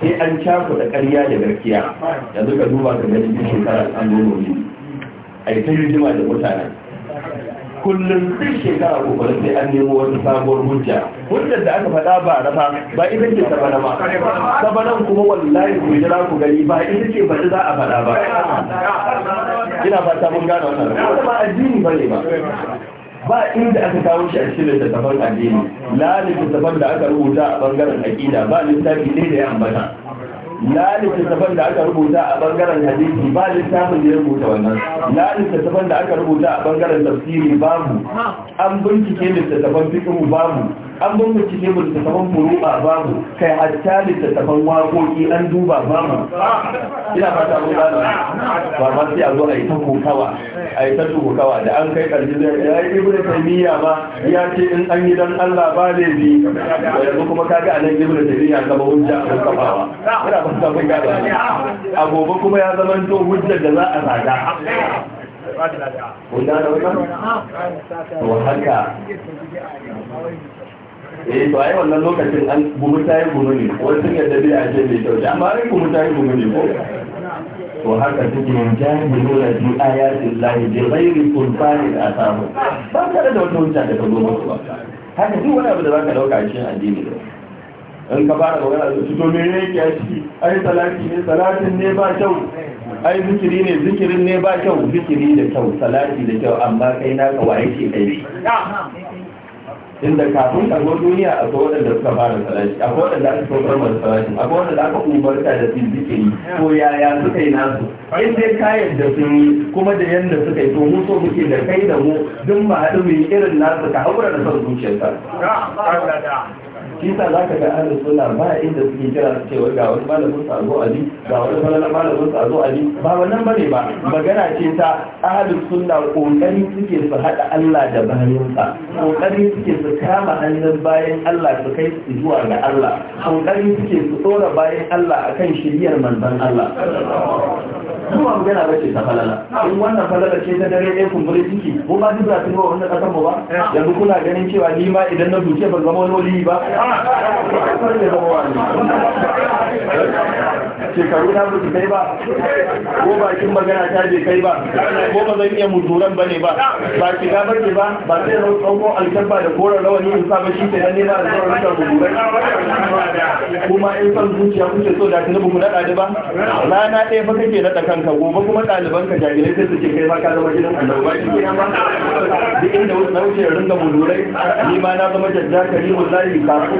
sai an cako da ƙarya da gaskiya yanzu ka duba ka gani duk shekara an nono ne a yi ta hijima da mutanen kullum duk shekara ko ba sai an nemo wata sabuwar hujja hujjar da aka faɗa ba rafa ba ita ce ta ba ta kuma wallahi ku jira ku gani ba ita ce ba za a faɗa ba ina ta mun gane wannan wata ba addini ba ne ba ba inda aka kawo shi a cikin littattafan addini la littattafan da aka rubuta a bangaren aƙida ba littafi ne da ya ambata la littattafan da aka rubuta a bangaren hadisi ba littafin da ya rubuta wannan la littattafan da aka rubuta a bangaren tafsiri babu an bincike littattafan fikihu babu an bambanci da ba furu furu'a babu kai hatta littattafan wakoki an duba babu ina fata mun gano ba ba sai a zo a yi ta kokawa a yi ta kokawa da an kai ƙarfi da ya yi ibn taymiya ba ya ce in an yi dan Allah ba ne bi yanzu kuma kaga anan ibn taymiya zama hujja a kafawa ina fata mun gano a gobe kuma ya zama to hujjar da za a zaga Wannan da wannan? To haka eh to ai wannan lokacin an gumu ta yi gumu ne wani sun yadda bai a ce mai kyau amma ai gumu ta yi gumu ne ko to haka suke jahiluna bi ayatin lahi bi ghairi sulfanin asamu ba tare da wata hujja da ta zo musu ba haka duk wani abu da zaka dauka a cikin addini in ka fara magana da su to me ne yake a ciki ai salati ne salatin ne ba kyau ai zikiri ne zikirin ne ba kyau zikiri da kyau salati da kyau amma kai naka waye ke kai inda kafin karɓar duniya a akwai da suka fara salashi akwai da aka saukar masu a akwai da aka umarta da su suke yi ko yaya suka yi nasu in dai kayan da sun yi kuma da yadda suka yi to mu so muke da kai da mu duk ma haɗu irin nasu ka haura da son zuciyarsa kisa za ka ga ahlus sunna ba inda suke kira su cewa ga wani malamin a zo ali ga wani malamin malamin a zo ali ba wannan bane ba magana ce ta ahlus sunna kokari suke su hada Allah da bayansa sa kokari suke su kama hannun bayan Allah su kai su zuwa ga Allah kokari suke su tsora bayan Allah akan shiriyar manzon Allah mu magana bace ta falala in wannan falala ce ta dare ɗaya kumburin ciki ko ba duk za su ba wannan ƙasar mu ba yanzu kuna ganin cewa ni ma idan na duke ban zama wani wali ba shekaru na bai kai ba ko bakin magana ta je kai ba ko ba zan iya muturan ne ba ba shiga bace ba ba sai na tsogo alkabba da koren rawani in sa ba shi kenan ne na da sauran da muturai kuma in san zuciya kuke so da tunubu ku nada da ba rana ɗaya fa kake nada kanka gobe kuma ɗaliban ka jahilai sai suke kai ma ka zama gidan annabawa shi kenan ba duk inda wuce na wuce ringa mudurai, ni ma na zama jajjakari wallahi kafin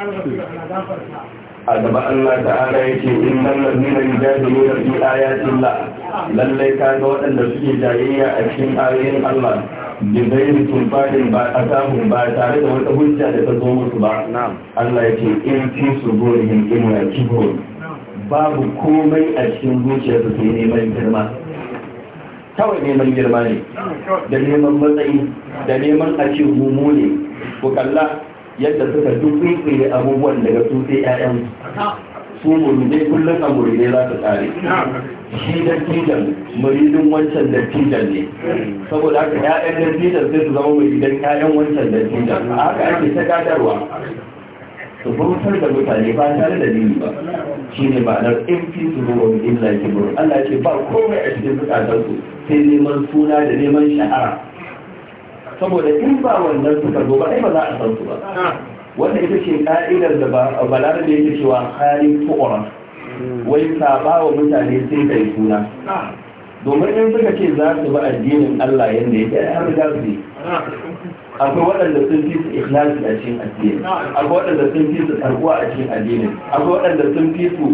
a gaba Allah ta'ala ya ce in nan lalmina yujadilu fi ayatin la lallai ka ga waɗanda suke jayayya a cikin ayoyin Allah bi gairi sulfanin ba a ba tare da wata hujja da ta zo musu ba Allah ya ce in fi suburihim in ya kibur babu komai a cikin zuciyarsu sai neman girma kawai neman girma ne da neman matsayi da neman a ce mu ne ku kalla yadda suka dukkan abubuwan daga ga sai 'ya'yan su ne kullum a ne za su tsare shi tijan muridin wancan dattijan ne saboda haka 'ya'yan tijan sai su zama muridan 'ya'yan wancan dattijan a haka ake ta gadarwa su bautar da mutane ba tare da dini ba shi ne ma'anar na fi su ruwa illa kibir Allah ce ba komai a cikin bukatarsu sai neman suna da neman shahara saboda in ba wannan suka zo ba ai ba za a san su ba ah. wanda ita ce ka'idar da ba Balar da yake cewa halin tu'ura wai saba wa mutane sun kai suna ah. domin in suka ce za su bi addinin Allah yadda yake ai har da su ah. akwai waɗanda sun fi su ikhlasi a cikin addini akwai waɗanda sun fi su karbuwa a cikin addini akwai waɗanda sun fi su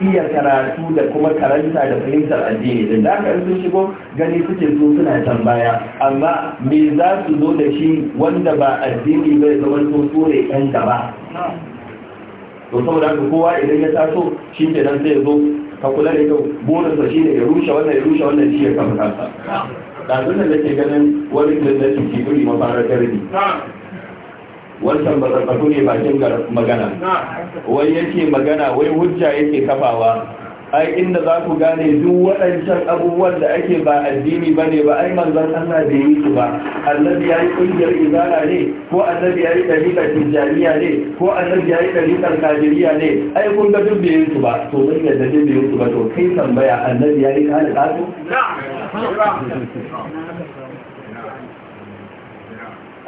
iya karatu da kuma karanta da fahimtar addini din da aka sun shigo gani suke so suna tambaya amma me za su zo da shi wanda ba addini bai zama so sore ɗan gaba to saboda haka kowa idan ya taso shi ke nan zai zo ka kula da kyau bonus shi ne ya rushe wannan ya rushe wannan shi ya kafa kansa ɗazunan da ke ganin wani da ke kuri mafarar garbi wancan ba batsatsaku ne bakin magana wai yake magana wai hujja yake kafawa ai inda za ku gane duk waɗancan abubuwan da ake ba addini ba ne ba ai manzan Allah da yi su ba annabi ya yi ƙungiyar izara ne ko annabi ya yi ɗariƙar tijjaniya ne ko annabi ya yi ɗariƙar kajiriya ne ai kun ga duk da yi su ba to mun yadda duk da yi su ba to kai tambaya annabi ya yi kare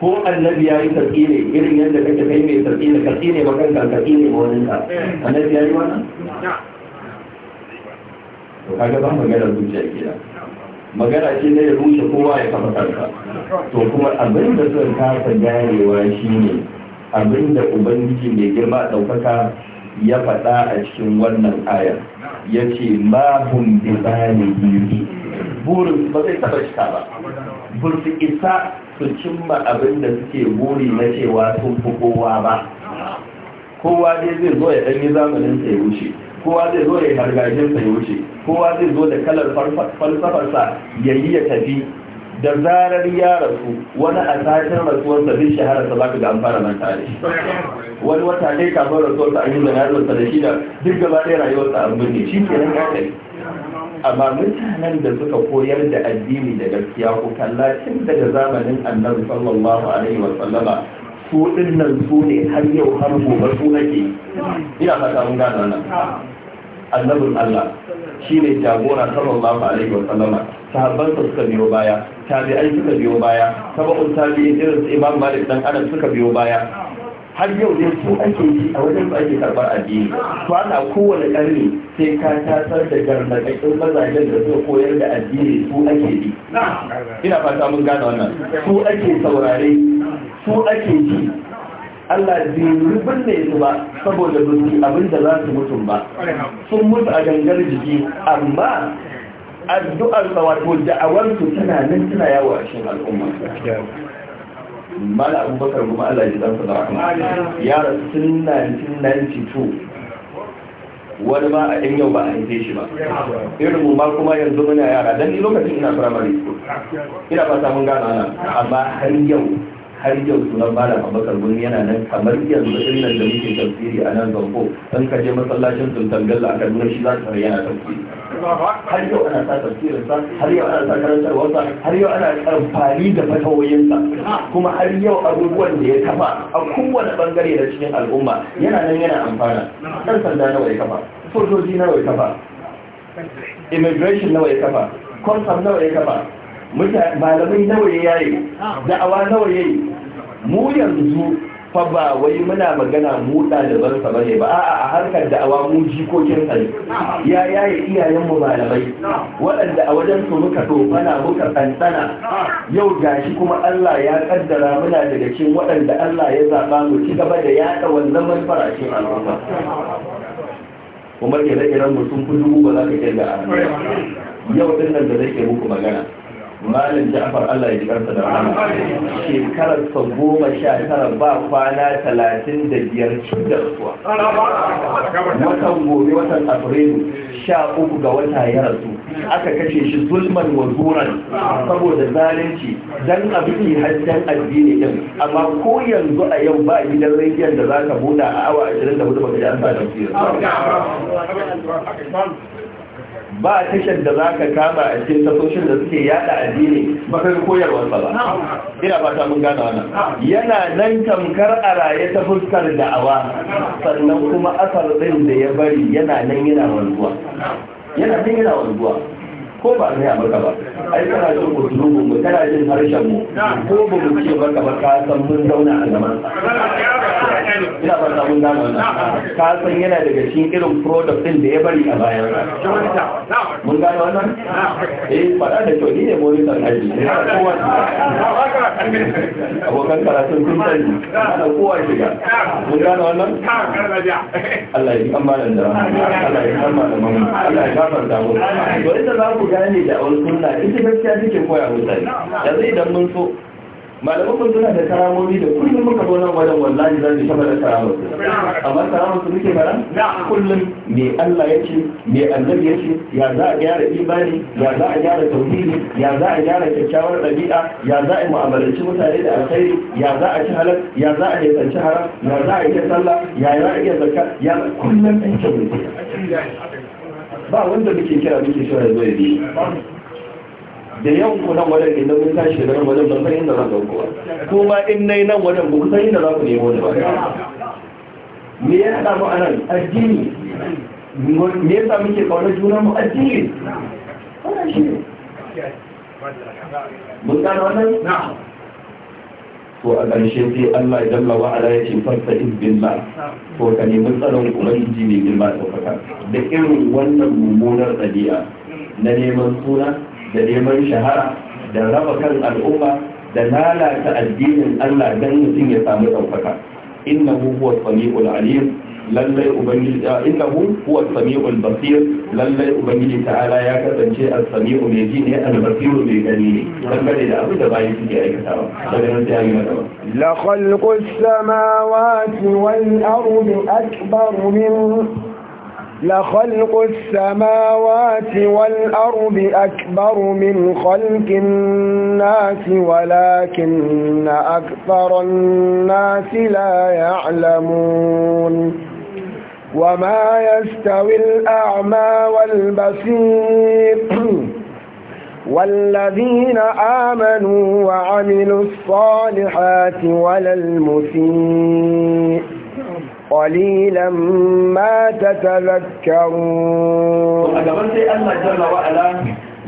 ko annabi ya yi sarki ne irin yadda kake kai mai sarki ne sarki ne ba kanka sarki ne ba wani ka annabi ya yi wannan to kaga ba magana zuciya da. magana ce ne ya rushe kowa ya kafa kanka to kuma abin da suka kasa ganewa ne abin da ubangiji mai girma ɗaukaka ya faɗa a cikin wannan ayar ya ce ma hun bi bani burin ba zai taɓa ta ba burin isa su cimma abin da suke buri na cewa sun fi kowa ba kowa dai zai zo ya ɗanyi zamanin sai ya wuce kowa zai zo ya yi hargajin sai ya wuce kowa zai zo da kalar falsafarsa ya yi ya tafi da zarar ya rasu wani a tashin rasuwarsa duk shahararsa za ka ga an fara manta da wani wata ne kafin rasuwarsa an yi zanarwarsa da shi da duk gaba ɗaya rayuwarsa a mulki shi ne ya kai amma mutanen da suka koyar da addini da gaskiya ko kalla tun daga zamanin annabi sallallahu alaihi wa sallama su dinnan su ne har yau har gobe su nake ina fata mun gane nan annabin Allah shi ne jagora sallallahu alaihi wa sallama sahabbansa suka biyo baya tabi'ai suka biyo baya sabon tabi'in irin su imam malik dan anas suka biyo baya har yau dai su ake yi a wajen ba ake karɓar addini to ana kowane ƙarni sai ka tasar da garnaƙaƙƙin mazajen da suka koyar da addini su ake yi ina fata mun gane wannan su ake saurare su ake ji Allah bai rubin su ba saboda musu abin da za su mutu ba sun mutu a gangar jiki amma addu'ar wato da'awar su tana nan tana yawo a cikin al'umma mala abubakar kuma allah ya zansa da rahama ya rasu tun 1992 wani ma a yan yau ba a haife shi ba irin mu ma kuma yanzu muna yara dan ni lokacin ina primary school ina fata mun gana nan amma har yau har yau sunan malam abubakar gumi yana nan kamar yanzu illan da muke tafsiri a nan zanko in ka je masallacin sultan bello a kaduna shi za su ka yana tafsiri har yau ana sa tafsirinsa har yau ana sa karantarwarsa har yau ana amfani da fatawoyinsa kuma har yau abubuwan da ya kafa a kowane bangare da cikin al'umma yana nan yana amfana ɗan sanda nawa ya kafa sojoji nawa ya kafa immigration nawa ya kafa kwamsam nawa ya kafa malamai nawa ya yi? da'awa nawa yi mu yanzu fa ba wai muna magana mu ɗaliban sa bane ba a'a a harkar da'awa mu jikokin sa ya yaye iyayen mu malamai waɗanda a wajen su muka bana muka tsantsana yau gashi kuma Allah ya kaddara muna daga cikin waɗanda Allah ya zaba mu ci gaba da yaɗa wannan manfarashin al'umma kuma ke iren irin sun fi ba za ka kirga a yau dinnan nan da nake muku magana malam ja'far Allah ya jikarsa da rahama shekarar sa goma sha tara ba kwana talatin da biyar cin da watan gobe watan afrilu sha uku ga wata ya rasu aka kashe shi zulman wa zuran saboda zalunci dan abin hajjan addini din amma ko yanzu a yau ba gidan rediyon da zaka buɗa a awa 24 baka ji an sa da ba tashar da za ka kama a cikin tasoshin da suke yada addini bakar sa ba ina ba ta mun gane wannan yana nan tamkar a raye ta fuskar da'awa sannan kuma asar ɗin da ya bari yana nan yana wanzuwa yana nan yana wanzuwa ko ba a a barka ba ai kana jin musulunmu mu kana jin harshen mu ko ba mu ce barka ba ka san mun zauna a zaman ina ba ta mun da wannan ka san yana daga cikin irin product din da ya bari a bayan mun gano wannan eh fada da to ni ne monitor haji abokan karatun sun sani ana kowa shiga mun gano wannan Allah ya kama da Allah ya kama da mamu Allah ya gafarta mu to idan za ku gane da awar sunna ita gaskiya take koya mutane yanzu idan mun so malaman mun suna da karamomi da kullum muka zo nan wajen wallahi za mu shafa da karamar amma karamar muke fara kullum me Allah ya ce me annabi ya ce ya za a gyara imani ya za a gyara tauhidi ya za a gyara kyakkyawar ɗabi'a ya za a mu'amalanci mutane da alkhairi ya za a ci halal ya za a nisanci haram ya za a yi sallah ya za a iya zakka ya kullum ɗan kyau ne ba wanda muke kira muke shi ya zai biyu da yawan ku nan wajen inda mun tashi daga nan wajen ban inda za ku ba kuma in yi nan wajen ba ku san inda za ku nemo da ba me ya haɗa mu nan addini me yasa muke kauna juna mu addini wannan shi ne mun gano wannan to a ƙarshe sai Allah ya dalla wa ala ya ce farsa in billah to ka nemi tsaron ubangiji mai girma ɗaukaka da irin wannan mummunar ɗabi'a na neman suna da neman shahara da raba kan al'umma da lalata addinin Allah don mutum ya samu ɗaukaka inna huwa samiul alim lallai ubangiji innahu huwa samiul basir lallai ubangiji ta'ala ya kasance as-sami'u mai ji ne al-basir mai gani ne dangane da abin da bayi suke aikatawa daga nan sai ayi magana la khalqu as-samawati wal ardi akbar min لخلق السماوات والأرض أكبر من خلق الناس ولكن أكثر الناس لا يعلمون وما يستوي الأعمى والبصير والذين آمنوا وعملوا الصالحات ولا المسيء قليلا ما تتذكرون أجابان سي الله جل وعلا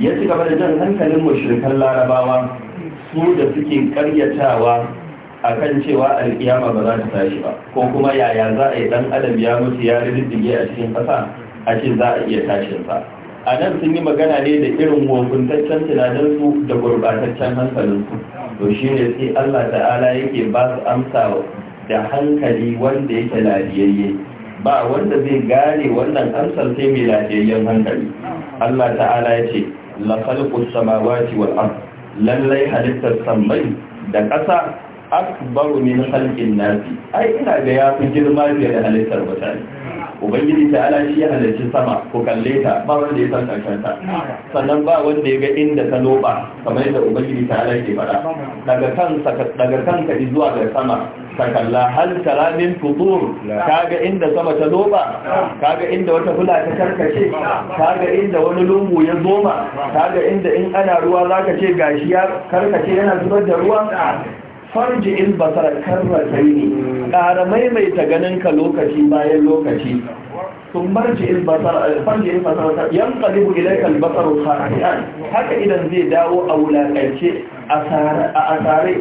يتي قبل جل هنكل المشرك اللارباوا سودة سكين قرية تاوا akan cewa alkiyama ba za ta tashi ba ko kuma yaya za a yi dan adam ya mutu ya riddige a cikin kasa a ce za a iya tashin sa a nan sun yi magana ne da irin wofuntaccen tunaninsu da gurbataccen hankalinsu to shi ne sai Allah ta'ala yake ba su amsa da hankali wanda yake lafiyayye ba wanda zai gane wannan amsar sai mai lafiyayyen hankali Allah ta'ala ya ce la khalqu samawati wal ard lallai halittar samai da ƙasa akbaru min khalqin nasi ai ina ga ya fi girma fiye da halittar mutane ubangiji ta ala shi ya halarci sama ko kalle ta ba wanda ya san karshen ta sannan ba wanda ya ga inda ta loba kamar yadda ubangiji ta ala ke fada daga kansa daga kanka zuwa ga sama ka kalla hal tara min futur kaga inda sama ta loba kaga inda wata fula ta karkace kaga inda wani lungu ya zoma kaga inda in ana ruwa zaka ce gashi ya karkace yana zubar da ruwa farji in basara karratai ne ƙara maimaita ganinka lokaci bayan lokaci sun marci in basara eh, farji in basara yan ƙalibu ilaikal basaru sa'adiyan haka idan zai dawo a wulaƙance a asare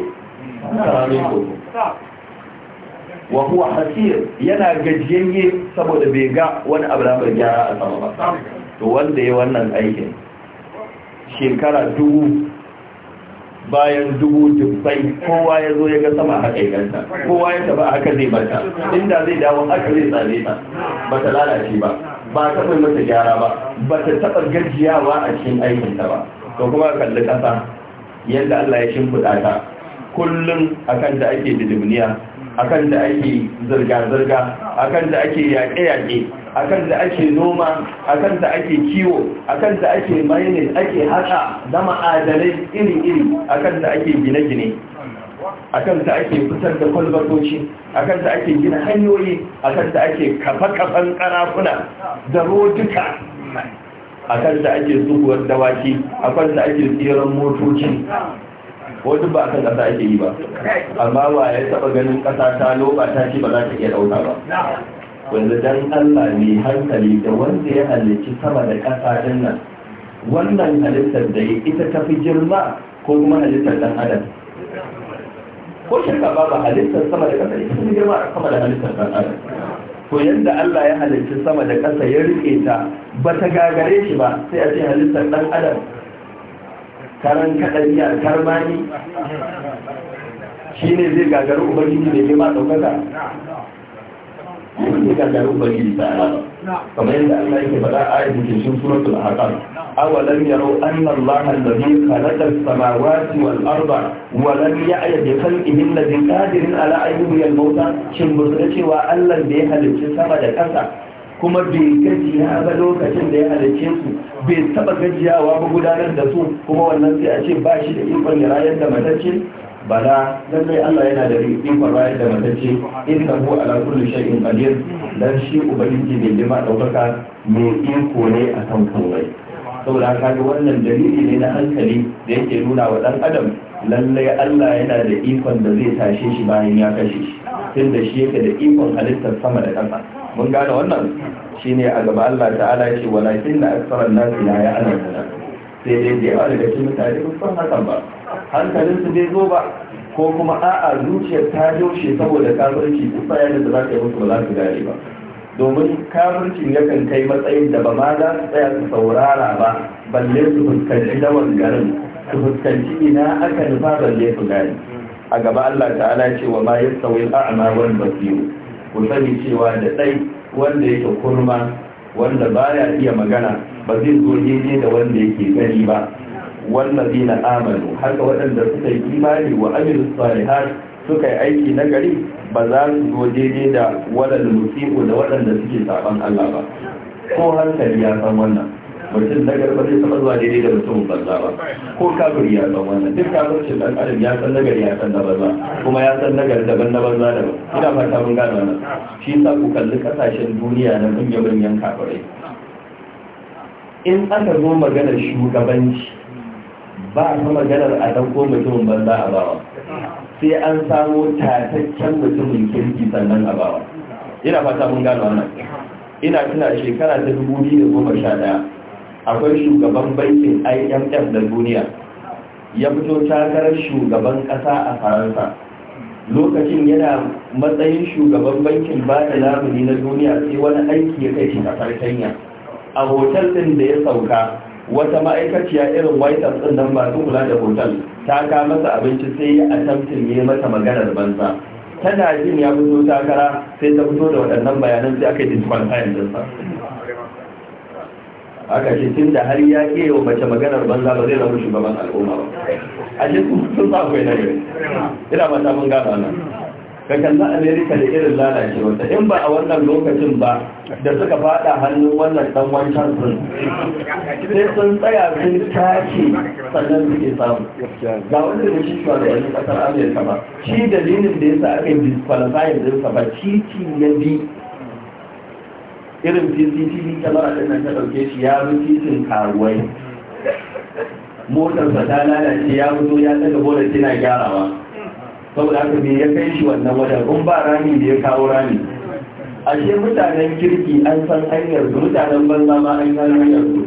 wa huwa hasir yana gajiyayye saboda bai ga wani abu da gyara a sama ba to wanda ya wannan aikin shekara dubu bayan dubu dubbai kowa ya zo ya ga sama haka ya ganta kowa ya taba haka zai bata inda zai dawo haka zai tsare ta ba ta lalace ba ba ta bai mata gyara ba ba ta taba gajiyawa a cikin aikinta ba ko kuma kalli ƙasa yadda Allah ya shimfiɗa ta kullum akan da ake didimniya akan da ake zirga-zirga akan da ake yaƙe-yaƙe akan da ake noma akan da ake kiwo akan da ake maini ake haka da ma'adanai iri-iri akan da ake gine-gine akan da ake fitar da kwalbatoci akan da ake gina hanyoyi akan da ake kafa-kafan karafuna da rotuka akan da ake zubuwar dawaki akan da ake tseren motoci wajen ba ba kan kasa ake yi ba amma ba ya taba ganin kasa ta loba ta ce ba za ta iya dauka ba wanda dan Allah ne hankali da wanda ya halicci sama da kasa din nan wannan halittar da ita ta fi girma ko kuma halittar dan adam ko shirka babu halittar sama da kasa ita ta fi girma sama da halittar dan adam to yadda Allah ya halicci sama da ƙasa ya rike ta ba ta gagare shi ba sai a ce halittar ɗan adam karan kadari a karmani shi ne zai gagari ubangiji da ke ba ɗaukaka shi zai gagari ubangiji ta ala kamar yadda Allah yake faɗa a yi cikin shi suratul haƙar awalan yaro an Allah allazi khalaqa as-samawati wal arda wa lam ya'ya bi khalqihi allazi qadirin ala an yuhyil mauta shin ba su da cewa Allah da ya halicci sama da ƙasa kuma bai gajiya ba lokacin da ya halarce su bai taba gajiyawa ba gudanar da su kuma wannan sai a ce ba shi da ikon ya rayar da matacce bala lallai Allah yana da ikon rayar da matacce in ka ko ala kulli shay'in qadir dan shi ubangiji bai jima daukaka mai iko ne a kan kawai saboda kaji wannan dalili ne na hankali da yake nuna wa dan adam lallai Allah yana da ikon da zai tashe shi bayan ya kashe shi tunda shi yake da ikon halittar sama da ƙasa mun gane wannan Shi ne a gaba Allah ta'ala ya ce walakin na aksaran nasi la ya'lamuna sai dai da yawa daga cikin mutane ba san hakan ba hankalin su bai zo ba ko kuma a'a zuciyar ta yaushe saboda kafirci duk bayanin da za ka yi musu ba za su gane ba domin kafircin yakan kai matsayin da ba ma za su tsaya su saurara ba balle su fuskanci dawan garin su fuskanci ina aka nufa balle su gani a gaba Allah ta'ala ce wa ma yi al a'ama wani basiru ku sani cewa da ɗai wanda yake kurma wanda baya iya magana ba zai zo dai da wanda yake gani ba wallazi na amalu haka waɗanda suka yi imani wa amilu salihat suka yi aiki na gari ba za su zo daidai da waɗanda musiku da waɗanda suke saban Allah ba ko hankali ya san wannan mutum na garba zai taɓa zuwa daidai da mutum banza ba ko kafiri ya san wannan duk kafircin dan adam ya san nagari ya san na banza kuma ya san nagari daban na banza daban ina fata mun gano wannan shi yasa ku kalli kasashen duniya na manya-manyan kafirai in aka zo maganar shugabanci ba ta maganar a ko mutumin banza a bawa sai an samo tataccen mutumin kirki sannan a bawa ina fata mun gano wannan ina tuna shekara ta dubu biyu da goma sha ɗaya akwai shugaban bankin imf na duniya ya fito takarar shugaban ƙasa a faransa lokacin yana matsayin shugaban bankin ba da lamuni na duniya sai wani aiki ya kai shi kasar kenya a hotel din da ya sauka wata ma'aikaciya irin white house din nan masu kula da hotel ta ka masa abinci sai ya attempting ne mata maganar banza tana jin ya fito takara sai ta fito da waɗannan bayanan sai aka yi disqualifying dinsa aka shi tun da har ya ke yau mace maganar banza ba zai zama shugaban al'umma ba a ce sun sa akwai nagari ina mata mun gaba nan ka kalla amerika da irin lalace wata in ba a wannan lokacin ba da suka fada hannun wannan dan wancan sun sai sun tsaya sun tace sannan ke samu ga wanda da shi shuwa da wani kasar amerika ba shi dalilin da sa aka yi disqualifying din sa ba titi ya bi irin cctv kamar ɗin nan ta shi ya bi titin karuwai motarsa ta lalace ya fito ya daga bola tana gyarawa saboda haka me ya kai shi wannan wajen in ba rami da ya kawo rami ashe mutanen kirki an san hanyar su mutanen banza ma an san hanyar su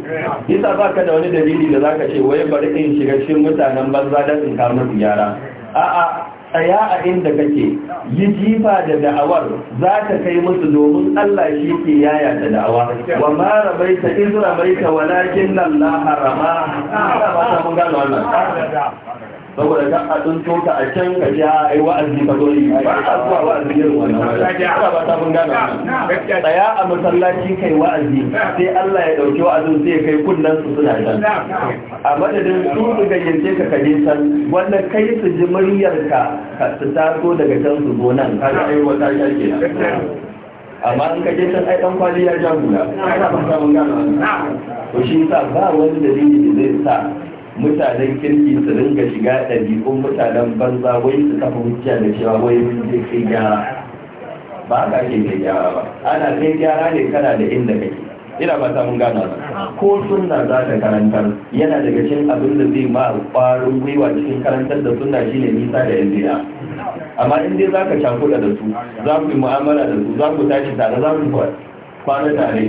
isa ba ka da wani dalili da zaka ce wai bari in shiga cikin mutanen banza don in kawo musu gyara a'a tsaya a inda kake yi jifa da da'awar za ka kai musu domin Allah shi ke yaya da da'awa wa ma rabaita iz rabaita walakin Allah harama ta mun gano saboda ka a tsinto ka a can ka ji a yi wa'azi ka zo yi ba a zuwa wa'azi yin wannan ana ba ta mun gana tsaya a masallaci kai wa'azi sai Allah ya dauki wa'azin sai ya kai kunnan su suna can a madadin su su gayyace ka kaje san wanda kai su ji muryar ka ka su taso daga can su zo nan ka ga ai wata shake amma in ka je can ai dan kwali ya ja hula ana ba ta mun gana to shi sa ba wani dalili da zai sa mutanen kirki su dinga shiga ɗabi'un mutanen banza wai su kafa hujja da cewa wai mun je kai gyara ba ka ke kai gyara ba ana kai gyara ne kana da inda kake ina ba ta mun gana ba ko sunna za ta karantar yana daga cikin abin da zai ma ƙwarin gwiwa cikin karantar da sunna shine nisa da yan ya amma in dai za ka cakuɗa da su za ku yi mu'amala da su za ku tashi tare za ku Faɗi tare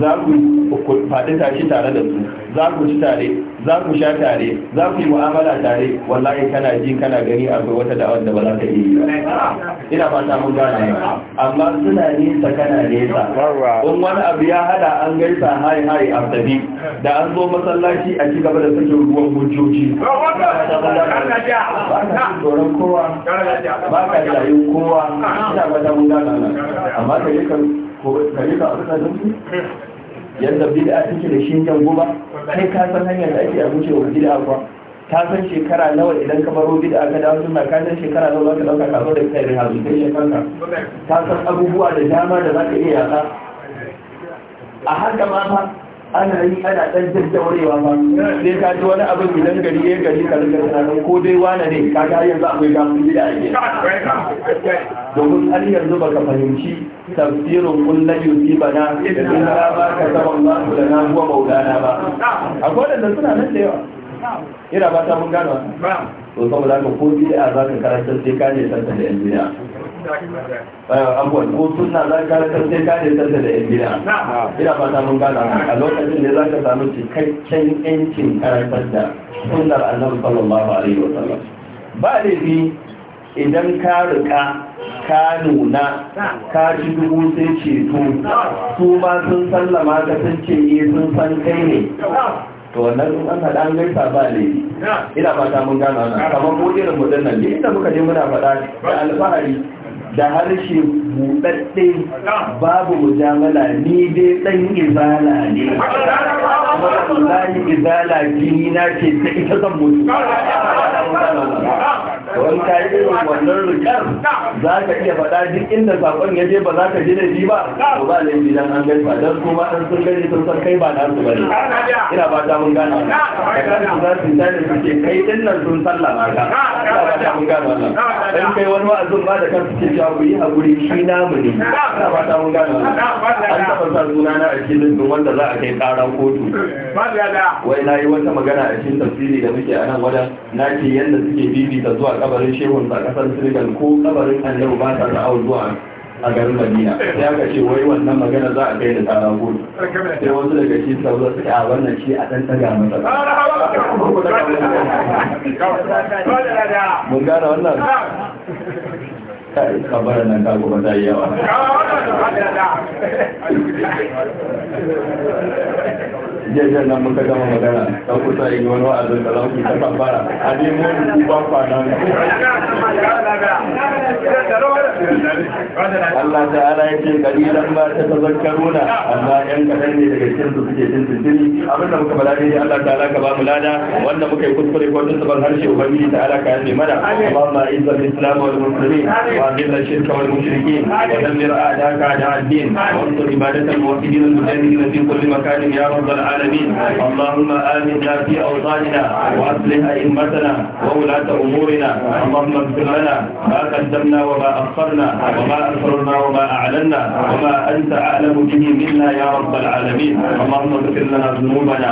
za ku faɗi tashi tare da su za ku ci tare za ku sha tare za ku yi mu'amala tare wallahi kana ji kana gani akwai wata da'awar da ba za ka yi ina ta mun gane amma suna nesa kana nesa in wani abu ya hada an gaisa hari hari a tafi da an zo masallaci a ci gaba da suke ruwan hujjoji ba ka tsoron kowa ba ka jayin kowa ina fata mun gane amma ka yi ko kare yadda bid'a take da shi jan guba kai ka san hanyar da ake abinci wa bid'a kuwa ka san shekara nawa idan ka baro bid'a ka dawo sunna ka san shekara nawa zaka dauka ka zo da kai rehabilitation kanka ka san abubuwa da dama da zaka iya yaka a haka ma fa ana yi ana ɗan jaddaurewa ba sai ka ji wani abin gidan gari ya gari ka rika ko dai wane ne ka ga yanzu akwai gafin gida a gida domin har yanzu baka fahimci tafsirin kullum yusi bana da sun ba ka saman ba da na huwa maulana ba akwai wadanda suna nan da yawa ira ba ta mun gano to saboda haka ko bid'a za ka karantar sai ka ne santa da yan bid'a eh, abuwan ko suna za ka karantar sai ka ne santa da yan bid'a ina fata mun gana a lokacin ne za ka samu cikakken yancin karantar da sunnar annabi sallallahu alaihi wa sallam ba laifi idan ka rika ka nuna ka ci dubu sai ceto su ma sun sallama ka sun ce eh sun san kai ne to wannan in an haɗa an gaisa ba laifi ina fata mun gano wannan kamar ko irin mu nan ne inda muka je muna faɗa da alfahari da harshe buɗaɗɗe babu mujamala ni dai ɗan izala ne wallahi izala jini na ce ta ita zan mutu wani ka yi irin wannan rigar za ka iya faɗa duk inda sakon ya je ba za ka ji da ba to ba laifi dan an gaisa ba, don kuma dan sun gani sun san kai ba na su bane ina ba ta mun gana daga su za su tare su ce kai din nan sun sallama ka ina ba ta mun gana wannan dan kai wani wa'azin ba da kan su ce ya yi a hakuri shi namu ne ina ba ta mun gana wannan an taɓa sa sunana a cikin wanda za a kai ƙaran kotu wai na yi wata magana a cikin tafsiri da muke a nan wajen na ce yadda suke bibita zuwa kabarin shehun a kasar senegal ko kabarin annabi ba ta ra'awar zuwa a garin madina sai aka ce wai wannan magana za a kai da tsara sai wasu daga shi suka zo suka a wannan shi a ɗan taga masa mun gane wannan kai kabarin nan kago ba ta yi yawa jirgin nan muka gama magana ta kusa yi wani wa'azin da za ku ta kafara a nemo da ku ba nan. Allah ta'ala ya ce kalilan ba ta tazakkaruna amma yan kadan ne daga cikin su suke jin tuntuni abinda muka bala ne Allah ta'ala ka ba mu lada wanda muka yi kuskure ko tun saban harshe ubangiji ta'ala ka yafe mana Allahumma izzal islam wal muslimin wa dhilla shirka wal mushrikeen wa dammir a'daka a'da ad-din wa ansur ibadatan muwahhidin al-mujahidin fi kulli makanin ya rabbal alamin العالمين اللهم آمنا في أوطاننا وأصلح أئمتنا وولاة أمورنا اللهم اغفر لنا ما قدمنا وما أخرنا وما أسررنا وما أعلنا وما أنت أعلم به منا يا رب العالمين اللهم اغفر لنا ذنوبنا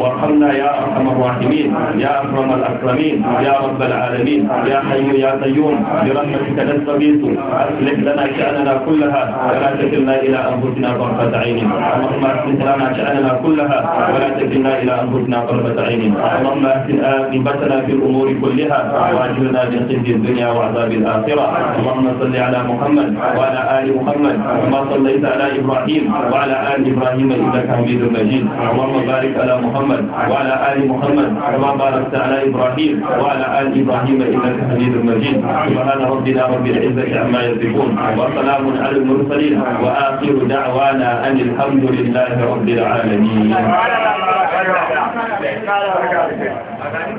وارحمنا يا أرحم الراحمين يا أكرم الأكرمين يا رب العالمين يا حي يا قيوم برحمتك نستغيث أصلح لنا شأننا كلها ولا تكلنا إلى أنفسنا طرفة عين اللهم أصلح لنا شأننا كلها ولا تكلنا إلى أنفسنا طرفة عين اللهم أحسن آقبتنا في الأمور كلها وأجرنا من خزي الدنيا وعذاب الآخرة اللهم صل على محمد وعلى آل محمد كما صليت على إبراهيم وعلى آل إبراهيم إنك حميد مجيد اللهم بارك على محمد وعلى آل محمد كما باركت على إبراهيم وعلى آل إبراهيم إنك حميد مجيد سبحان ربنا رب العزة عما يصفون وسلام على المرسلين وآخر دعوانا أن الحمد لله رب العالمين Ah, la, la, a cara.